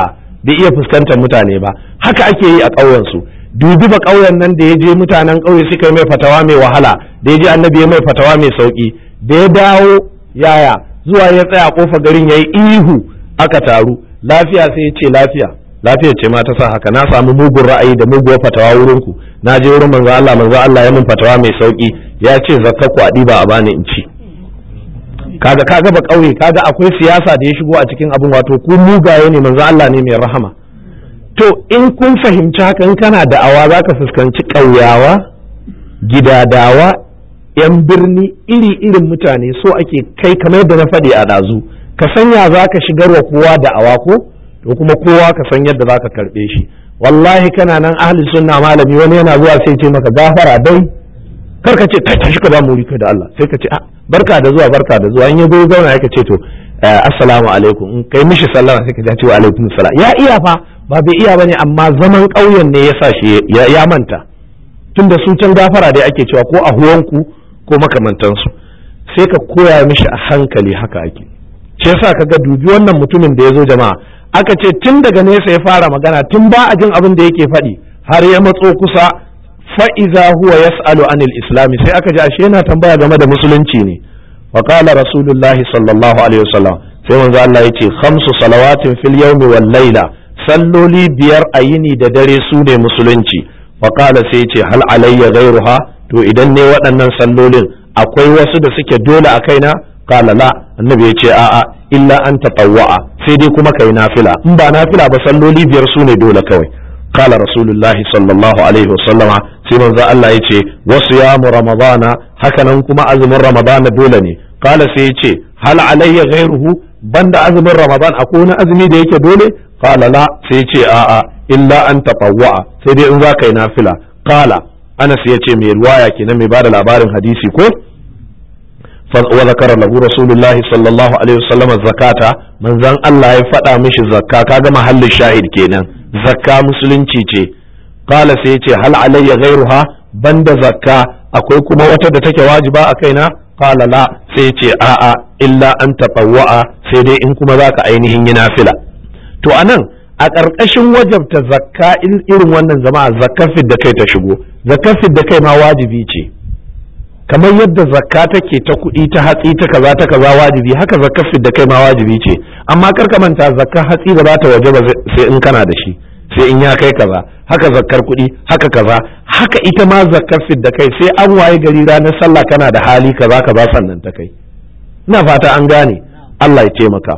bai iya fuskantar mutane ba haka ake yi a ƙauyen su dubi ba ƙauyen nan da ya je mutanen ƙauye suka mai fatawa mai wahala da ya je annabi ya mai fatawa mai sauki da ya dawo yaya zuwa ya tsaya kofa garin yayi ihu aka taru lafiya sai ya ce lafiya Lafiya ce ma ta sa haka na samu mugun ra'ayi da muguwar fatawa wurin ku na je wurin manzo Allah manzo Allah ya mun fatawa mai sauki ya ce zakka kwadi ba a bani in ci kaga kaga ba kauye kaga akwai siyasa da ya shigo a cikin abin wato ku mugaye ne manzo Allah ne mai rahama to in kun fahimci haka in kana awa zaka fuskanci kauyawa gidadawa yan birni iri irin mutane so ake kai kamar da na faɗi a dazu ka sanya zaka shigarwa kowa da'awa ko to kuma kowa ka san yadda za ka karɓe shi wallahi kana nan ahli sunna malami wani yana zuwa sai ce maka gafara dai kar ka ce kai tashi ka ba mu rika da Allah sai ka ce barka da zuwa barka da zuwa in ya zo zauna yake ce to eh, assalamu alaikum in kai mishi sallama sai ka ce wa alaikum salam ya iya fa ba bai iya bane amma zaman ƙauyen ne ya sa shi ya manta tunda su can gafara dai ake cewa ko a huwanku ko makamantansu sai ka koya mishi a hankali haka ake shi yasa ga dubi wannan mutumin da ya zo jama'a aka ce tun daga nesa ya fara magana tun ba a jin abin da yake faɗi har ya matso kusa fa'iza huwa yas'alu anil islami sai aka ji ashe yana tambaya game da musulunci ne wa qala rasulullahi sallallahu alaihi wasallam sai manzo Allah yace khamsu salawatin fil yawmi wal layla salloli biyar a yini da dare su ne musulunci wa qala sai yace hal alayya ghayruha to idan ne waɗannan sallolin akwai wasu da suke dole a kaina qala la annabi ya ce a'a illa an tatawwa'a sai dai kuma kai nafila in ba nafila ba salloli biyar su ne dole kawai kala rasulullahi sallallahu alaihi wasallama sai manzo Allah ya ce wasu ya ramadana hakanan kuma azumin ramadana dole ne qala sai ya ce hal alayya ghayruhu banda azumin ramadan akwai wani azumi da yake dole qala la sai ya ce a'a illa an tatawwa'a sai dai in za ka yi nafila kala anas ya ce mai ruwaya kenan mai bada labarin hadisi ko wa zakara lahu rasulullahi sallallahu alaihi wasallam zakata manzon Allah ya faɗa mashi zakka kaga mahallin shahid kenan zakka musulunci ce qala sai yace hal alayya ghairuha banda zakka akwai kuma wata da take wajiba a kaina qala la sai yace a'a illa an tatawwa sai dai in kuma zaka ainihin yi nafila to a nan, a ƙarƙashin wajabta zakka irin wannan jama'a zakkar da kai ta shigo zakkar da kai ma wajibi ce kamar yadda zakka take ta kuɗi ta hatsi ta kaza ta kaza wajibi haka zakka fi da kai ma wajibi ce amma kar manta zakka hatsi ba za ta waje ba sai in kana da shi sai in ya kai kaza haka zakkar kuɗi haka kaza haka ita ma zakkar fi da kai sai an waye gari ranar sallah kana da hali kaza kaza sannan ta kai ina fata an gane Allah ya taimaka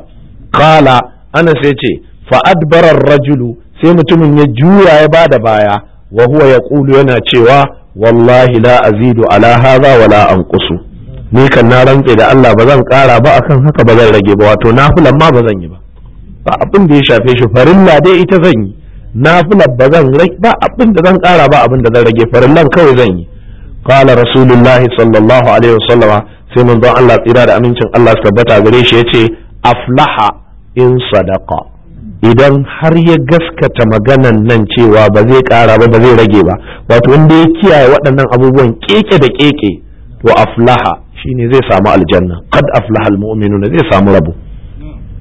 qala ana sai ce fa adbara rajulu sai mutumin ya juya ya bada baya wa huwa yaqulu yana cewa wallahi la azidu ala hadha wala ni kan na rantse da Allah ba zan ƙara ba akan haka ba zan rage ba wato nafilan ma ba zan yi ba ba abin da ya shafe shi farilla dai ita zan yi nafilan ba zan rage ba abin da zan ƙara ba abin da zan rage farillan kawai zan yi qala rasulullahi sallallahu alaihi wasallama sai manzon Allah tsira da amincin Allah tabbata gare shi yace aflaha in sadaqa idan har ya gaskata maganan nan cewa ba zai ƙara ba ba zai rage ba wato wanda ya kiyaye waɗannan abubuwan keke da keke wa aflaha shine zai samu aljanna qad aflaha almu'minuna zai samu rabo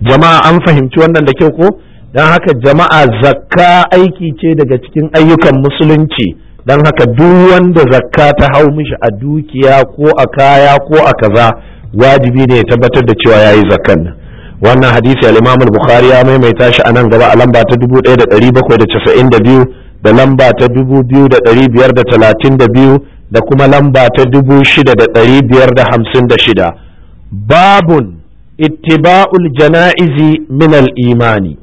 jama'a an fahimci wannan da kyau ko dan haka jama'a zakka aiki ce daga cikin ayyukan musulunci dan haka duk wanda zakka ta hau mishi a dukiya ko a kaya ko a kaza wajibi ne ya tabbatar da cewa yayi zakkan nan wannan hadisi al-Imam al-Bukhari ya maimaita shi anan gaba a lamba ta 1792 da lamba ta 2532 da kuma lamba ta 6556 babun ittiba'ul jana'izi min al-imani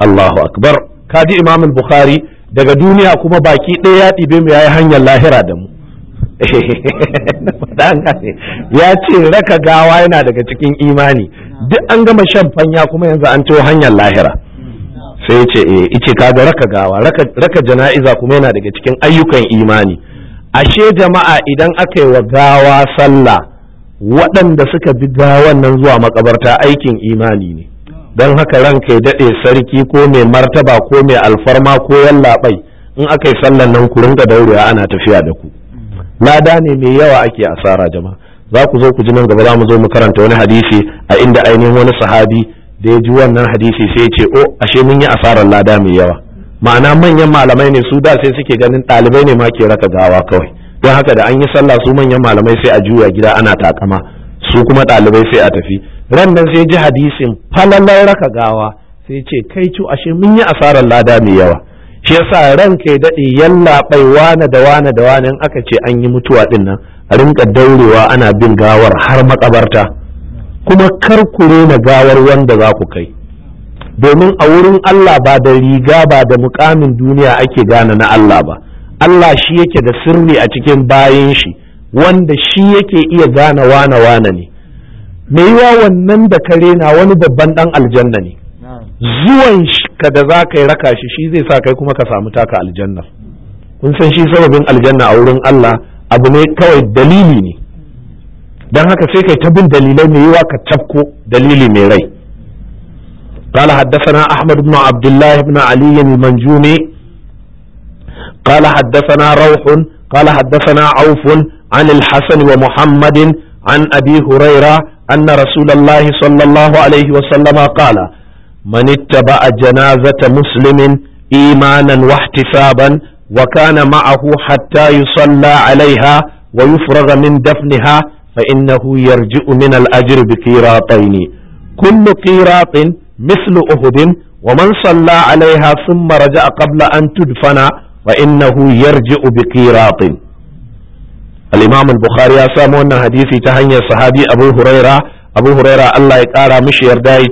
Allahu akbar kaji Imam al-Bukhari daga duniya kuma baki ɗaya ya ɗibe mu yayi hanyar lahira da mu ya ce raka gawa yana daga cikin imani duk an gama shan fanya kuma yanzu an ciwo hanyar lahira sai ce eh, ice kaga raka gawa raka jana'iza kuma yana daga cikin ayyukan imani ashe jama'a idan aka yi wa gawa sallah waɗanda suka bi gawan nan zuwa makabarta aikin imani ne don haka ran ya daɗe sarki ko mai martaba ko mai alfarma ko yallaɓai in aka yi sallan nan ku ringa daurewa ana tafiya da ku lada ne mai yawa ake asara jama'a za ku zo ku ji nan gaba za mu zo mu karanta wani hadisi a inda ainihin wani sahabi da ya ji wannan hadisi sai ya ce o oh, ashe mun yi asarar lada mai yawa ma'ana manyan malamai ne su da sai suke ganin ɗalibai ne ma ke raka gawa kawai don haka da an yi sallah su manyan malamai sai a juya gida ana takama su kuma ɗalibai sai a tafi ran nan sai ji hadisin falalar raka gawa sai ce kai cu ashe mun yi asarar lada mai yawa shi yasa ranka ya dade yalla bai wane da wane da wane aka ce an yi mutuwa din nan a rinka daurewa ana bin gawar har makabarta kuma kar ku rena gawar wanda za ku kai domin a wurin Allah ba da riga ba da mukamin duniya ake gane na Allah ba Allah shi yake da sirri a cikin bayan shi wanda shi yake iya gane wane wane ne me yawa wannan da kare na wani babban dan aljanna ne zuwan shi ka da za ka yi raka shi shi zai sa kai kuma ka samu taka aljanna kun san shi sababin aljanna a wurin Allah abu ne kawai dalili ne dan haka sai kai ta bin dalilai mai yiwa ka tafko dalili mai rai قال حدثنا أحمد بن عبد الله بن علي المنجومي قال حدثنا روح قال حدثنا عوف عن الحسن ومحمد عن أبي هريرة أن رسول الله صلى الله عليه وسلم قال من اتبع جنازة مسلم إيمانا واحتسابا وكان معه حتى يصلى عليها ويفرغ من دفنها فإنه يرجع من الأجر بقيراطين كل قيراط مثل أهد ومن صلى عليها ثم رجع قبل أن تدفن فإنه يرجع بقيراط الإمام البخاري سامونا حديثي تهني صحابي أبو هريرة أبو هريرة الله يقارى مش يردائي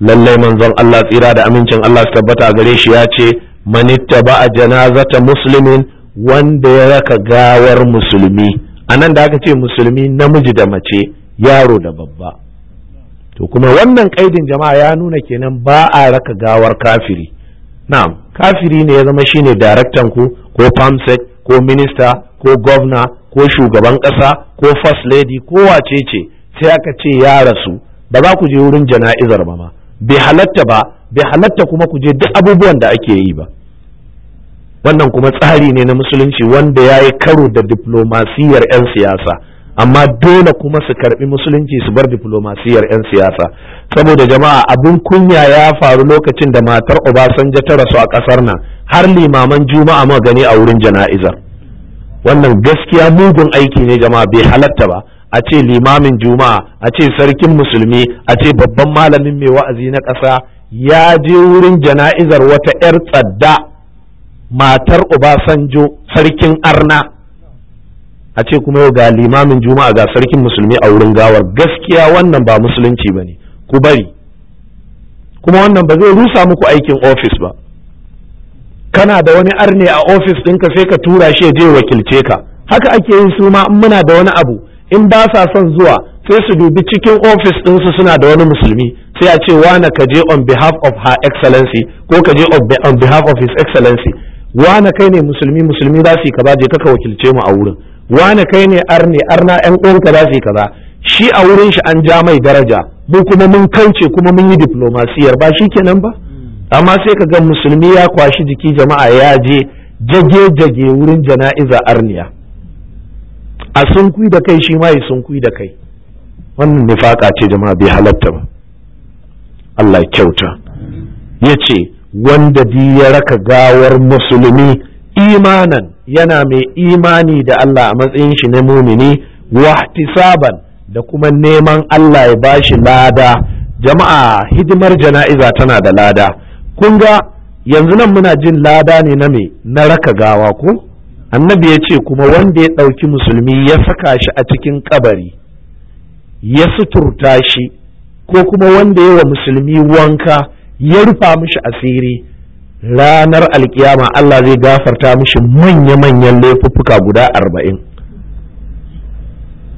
lallai manzon Allah tsira da amincin Allah su tabbata a gare shi ya ce manitta ba a janazata musulmin wanda ya raka gawar musulmi a nan da aka ce musulmi namiji da mace yaro da babba to kuma wannan kaidin jama'a ya nuna kenan ba a raka gawar kafiri na'am kafiri ne ya zama shine daraktan ku ko famsec ko minista ko gwamna ko shugaban kasa ko first lady ko wace ce sai aka ce ya rasu ba za ku je wurin jana'izar ba ma bai halatta ba bai halatta kuma ku je duk abubuwan da ake yi ba wannan kuma tsari ne na musulunci wanda ya yi karo da diplomasiyar 'yan siyasa amma dole kuma su karbi musulunci su bar diplomasiyar 'yan siyasa saboda jama'a abin kunya ya faru lokacin da matar obasanjo ta rasu a kasar nan har limaman juma'a ma gani a wurin jana'izar wannan gaskiya mugun aiki ne jama'a bai halatta ba a ce limamin juma'a a ce sarkin musulmi a ce babban malamin mai wa'azi na ƙasa ya je wurin jana'izar wata 'yar tsadda matar obasanjo sarkin arna a ce kuma yau ga limamin juma'a ga sarkin musulmi a wurin gawar gaskiya wannan ba musulunci ba ne ku bari kuma wannan ba zai rusa muku aikin ofis ba kana da wani arne a ofis ɗinka sai ka tura shi ya je wakilce ka haka ake yin su ma in muna da wani abu in ba sa son zuwa sai su dubi cikin ofis ɗinsu suna da wani musulmi sai a ce wane ka je on behalf of her excellency ko ka je on behalf of his excellency wane kai ne musulmi musulmi za su yi kaza je kaka wakilce mu a wurin wane kai ne arne arna yan uwanka za su yi kaza shi a wurin shi an ja mai daraja mu kuma mun kance kuma mun yi diplomasiyar ba shi kenan ba amma sai ka ga musulmi ya kwashi jiki jama'a ya je jage jage wurin jana'iza arniya a kui da kai shi ma sun kui da kai wannan nifaka ce jama'a bai halatta ba Allah kyauta ya ce wanda di ya raka gawar musulmi imanan yana mai imani da Allah a matsayin shi na mumini wahtisaban da kuma neman Allah ya bashi lada jama'a hidimar jana'iza tana da lada kun ga yanzu nan muna jin lada ne na me na raka gawa ko annabi ya ce kuma wanda ya ɗauki musulmi ya saka shi a cikin kabari ya suturta shi ko kuma wanda ya wa musulmi wanka ya rufa mushi asiri ranar alkiyama Allah zai gafarta mushi manya-manyan laifuffuka guda arba'in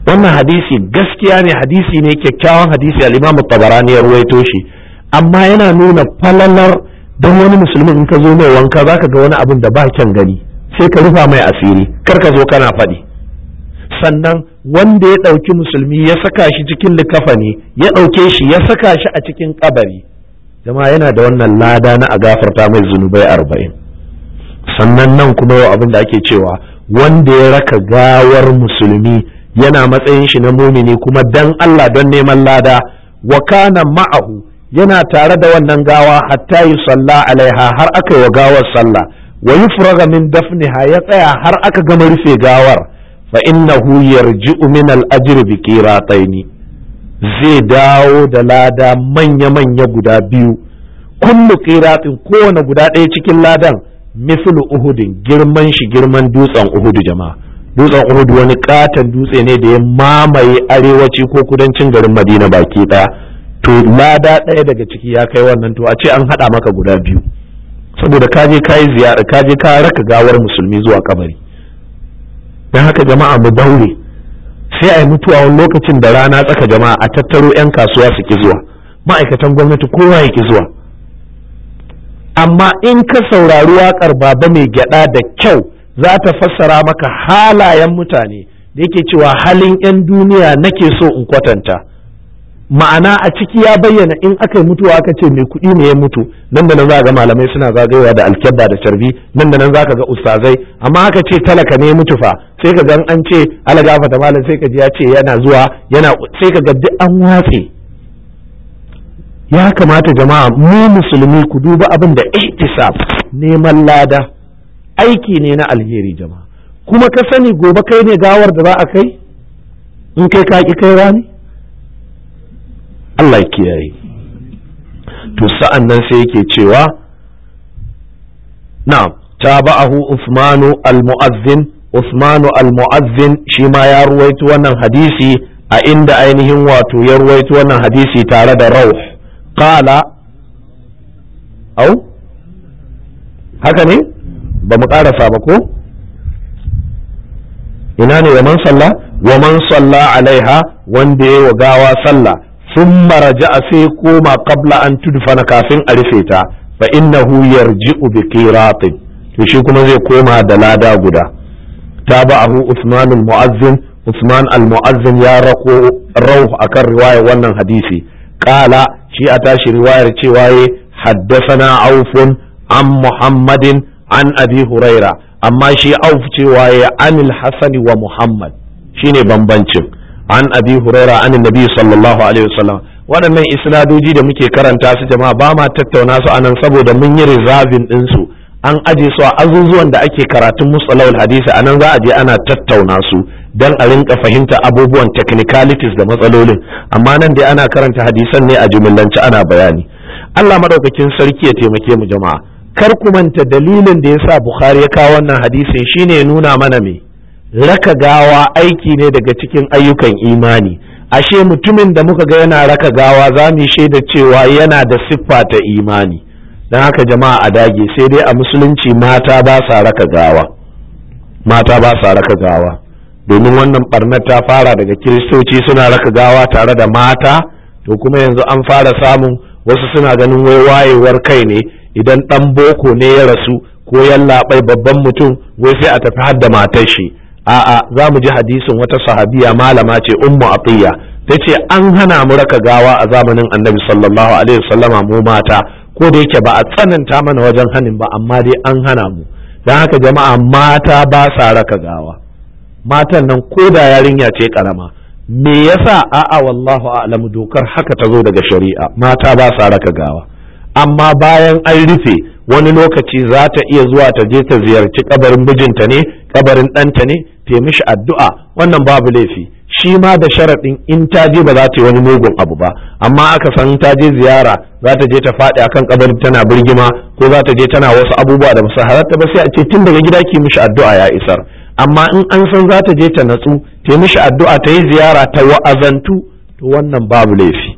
wannan hadisi gaskiya ne hadisi ne kyakkyawan hadisi al-imam tabarani ya ruwaito shi amma yana nuna falalar don wani musulmin in ka zo mai wanka zaka ga wani abin da ba kyan gani sai ka rufa mai asiri kar ka zo kana faɗi sannan wanda ya ɗauki musulmi ya saka shi cikin likafani ya ɗauke shi ya saka shi a cikin kabari jama yana da wannan lada na a gafarta mai zunubai arba'in sannan nan kuma yau abin da ake cewa wanda ya raka gawar musulmi yana matsayin shi na mumini kuma dan Allah don neman lada wa kana ma'ahu yana tare da wannan gawa hatta yi salla alaiha har aka yi wa gawar sallah wa yufraga min dafniha ya tsaya har aka gama rufe gawar fa innahu yarji'u min al bi qirataini zai dawo da lada manya-manya guda biyu kullu qiratin kowane guda ɗaya cikin ladan mislu uhudin girman shi girman dutsen uhudu jama'a dutsen uhudu wani katon dutse ne da ya mamaye arewaci ko kudancin garin madina baki ɗaya to lada ɗaya daga ciki ya kai wannan to a ce an haɗa maka guda biyu saboda ka je ka yi ziyara ka je ka raka gawar musulmi zuwa kabari don haka jama'a mu daure sai a yi mutuwa wani lokacin da rana tsaka jama'a a tattaro 'yan kasuwa su ki zuwa ma'aikatan gwamnati kowa ya ki zuwa amma in ka saurari waƙar baba mai gyada da kyau za ta fassara maka halayen mutane da yake cewa halin 'yan duniya nake so in kwatanta ma'ana a ciki ya bayyana in aka yi mutuwa aka ce mai kuɗi ne ya mutu nan da nan za ga malamai suna zagayowa da alkyabba da carbi nan da nan za ka ga ustazai amma aka ce talaka ne ya mutu fa sai ka gan an ce alaga fata malam sai ka ji ya ce yana zuwa yana sai ka ga an watse ya kamata jama'a mu musulmi ku duba abin da ihtisab neman lada aiki ne na alheri jama'a kuma ka sani gobe kai ne gawar da za a kai in kai ka ki kai rani Allah kiyaye to sa'an nan sai yake cewa na'am tabahu Usmanu al-mu'azzin Usmanu al-mu'azzin shi ma ya ruwaito wannan hadisi a inda ainihin wato ya ruwaito wannan hadisi tare da Rauh qala au haka ne ba mu ƙarasa ba ko ina ne wa man sallah? wa man sallah alaiha wanda ya wa gawa sallah sun maraja sai koma kabla an tudfana kafin a rufe ta fa innahu yarji'u bi qiratin to shi kuma zai koma da lada guda tabahu Usman al-Mu'azzin Usman al-Mu'azzin ya rako a akan riwayar wannan hadisi kala shi a tashi riwayar cewa ya haddathana aufun an Muhammadin an Abi Huraira amma shi auf cewa ya anil Hasani wa Muhammad shine bambancin an abi huraira an nabi sallallahu alaihi wasallam waɗannan isnadoji da muke karanta su jama'a ba ma tattauna su anan saboda mun yi rizabin ɗin su an aje su a azuzuwan da ake karatun musalawul hadisi anan za a je ana tattauna su dan a rinka fahimta abubuwan technicalities da matsalolin amma nan dai ana karanta hadisan ne a jumillance ana bayani Allah madaukakin sarki ya taimake mu jama'a kar ku manta dalilin da yasa Bukhari ya kawo wannan hadisin shine ya nuna mana me raka gawa aiki ne daga cikin ayyukan imani ashe mutumin da muka ga yana raka gawa za mu shaida cewa yana da siffa ta imani don haka jama'a a dage sai dai a musulunci mata ba sa raka gawa mata ba sa raka gawa domin wannan barnar ta fara daga kiristoci suna raka gawa tare da mata to kuma yanzu an fara samun wasu suna ganin wai wayewar kai ne idan ɗan boko ne ya rasu ko yallaɓai babban mutum wai sai a tafi hadda matar shi a'a za mu ji hadisin wata sahabiya malama ce ummu atiya ta ce an hana mu raka gawa a zamanin annabi sallallahu alaihi wasallama mu mata ko da yake ba a tsananta mana wajen hanin ba amma dai an hana mu Dan haka jama'a mata ba sa raka gawa matan nan ko da yarinya ce karama me yasa a'a wallahu a'lamu dokar haka ta zo daga shari'a mata ba sa raka gawa amma bayan an rufe wani lokaci za ta iya zuwa ta je ta ziyarci kabarin mijinta ne kabarin ɗanta ne ta mishi addu'a wannan babu laifi shi ma da sharaɗin in ta je ba za ta yi wani mugun abu ba amma aka san ta je ziyara za ta je ta faɗi akan kabari tana birgima ko za ta je tana wasu abubuwa da musa halatta ba sai a ce tun daga gida ki mishi addu'a ya isar amma in an san za ta je ta natsu ta mishi addu'a ta yi ziyara ta wa'azantu to wannan babu laifi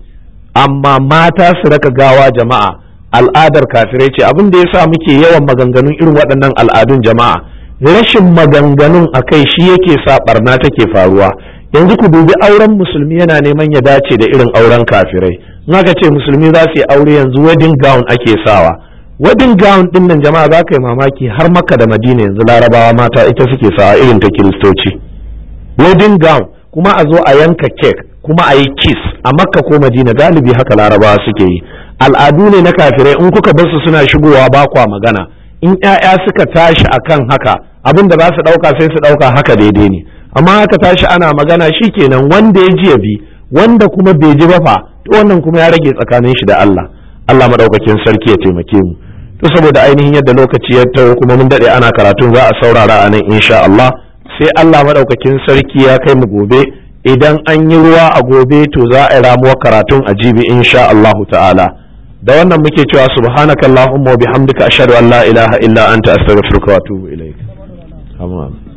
amma mata su raka gawa jama'a al'adar kafirai ce abin da ya sa muke yawan maganganun irin waɗannan al'adun jama'a rashin maganganun a kai shi yake sa barna take faruwa yanzu ku dubi auren musulmi yana neman ya dace da irin auren kafirai in aka ce musulmi za su yi aure yanzu wedding gown ake sawa wedding gown din nan jama'a za ka yi mamaki har maka da madina yanzu larabawa mata ita suke sawa irin ta kiristoci wedding gown kuma a zo a yanka cake kuma a yi kiss a makka ko madina galibi haka larabawa suke yi al'adu ne na kafirai in kuka su suna shigowa ba kwa magana in 'ya'ya suka tashi akan haka abin da za su ɗauka sai su ɗauka haka daidai ne amma haka tashi ana magana shi kenan wanda ya ji ya bi wanda kuma bai ji ba fa to wannan kuma ya rage tsakanin shi da Allah Allah madaukakin sarki ya taimake mu to saboda ainihin yadda lokaci ya tawo kuma mun dade ana karatun za a saurara a nan insha Allah sai Allah madaukakin sarki ya kai mu gobe idan an yi ruwa a gobe to za a yi ramuwar karatun a jibi insha Allah ta'ala da wannan muke cewa subhanakallahumma wa bihamdika ashhadu an la ilaha illa anta astaghfiruka wa atubu ilaik عام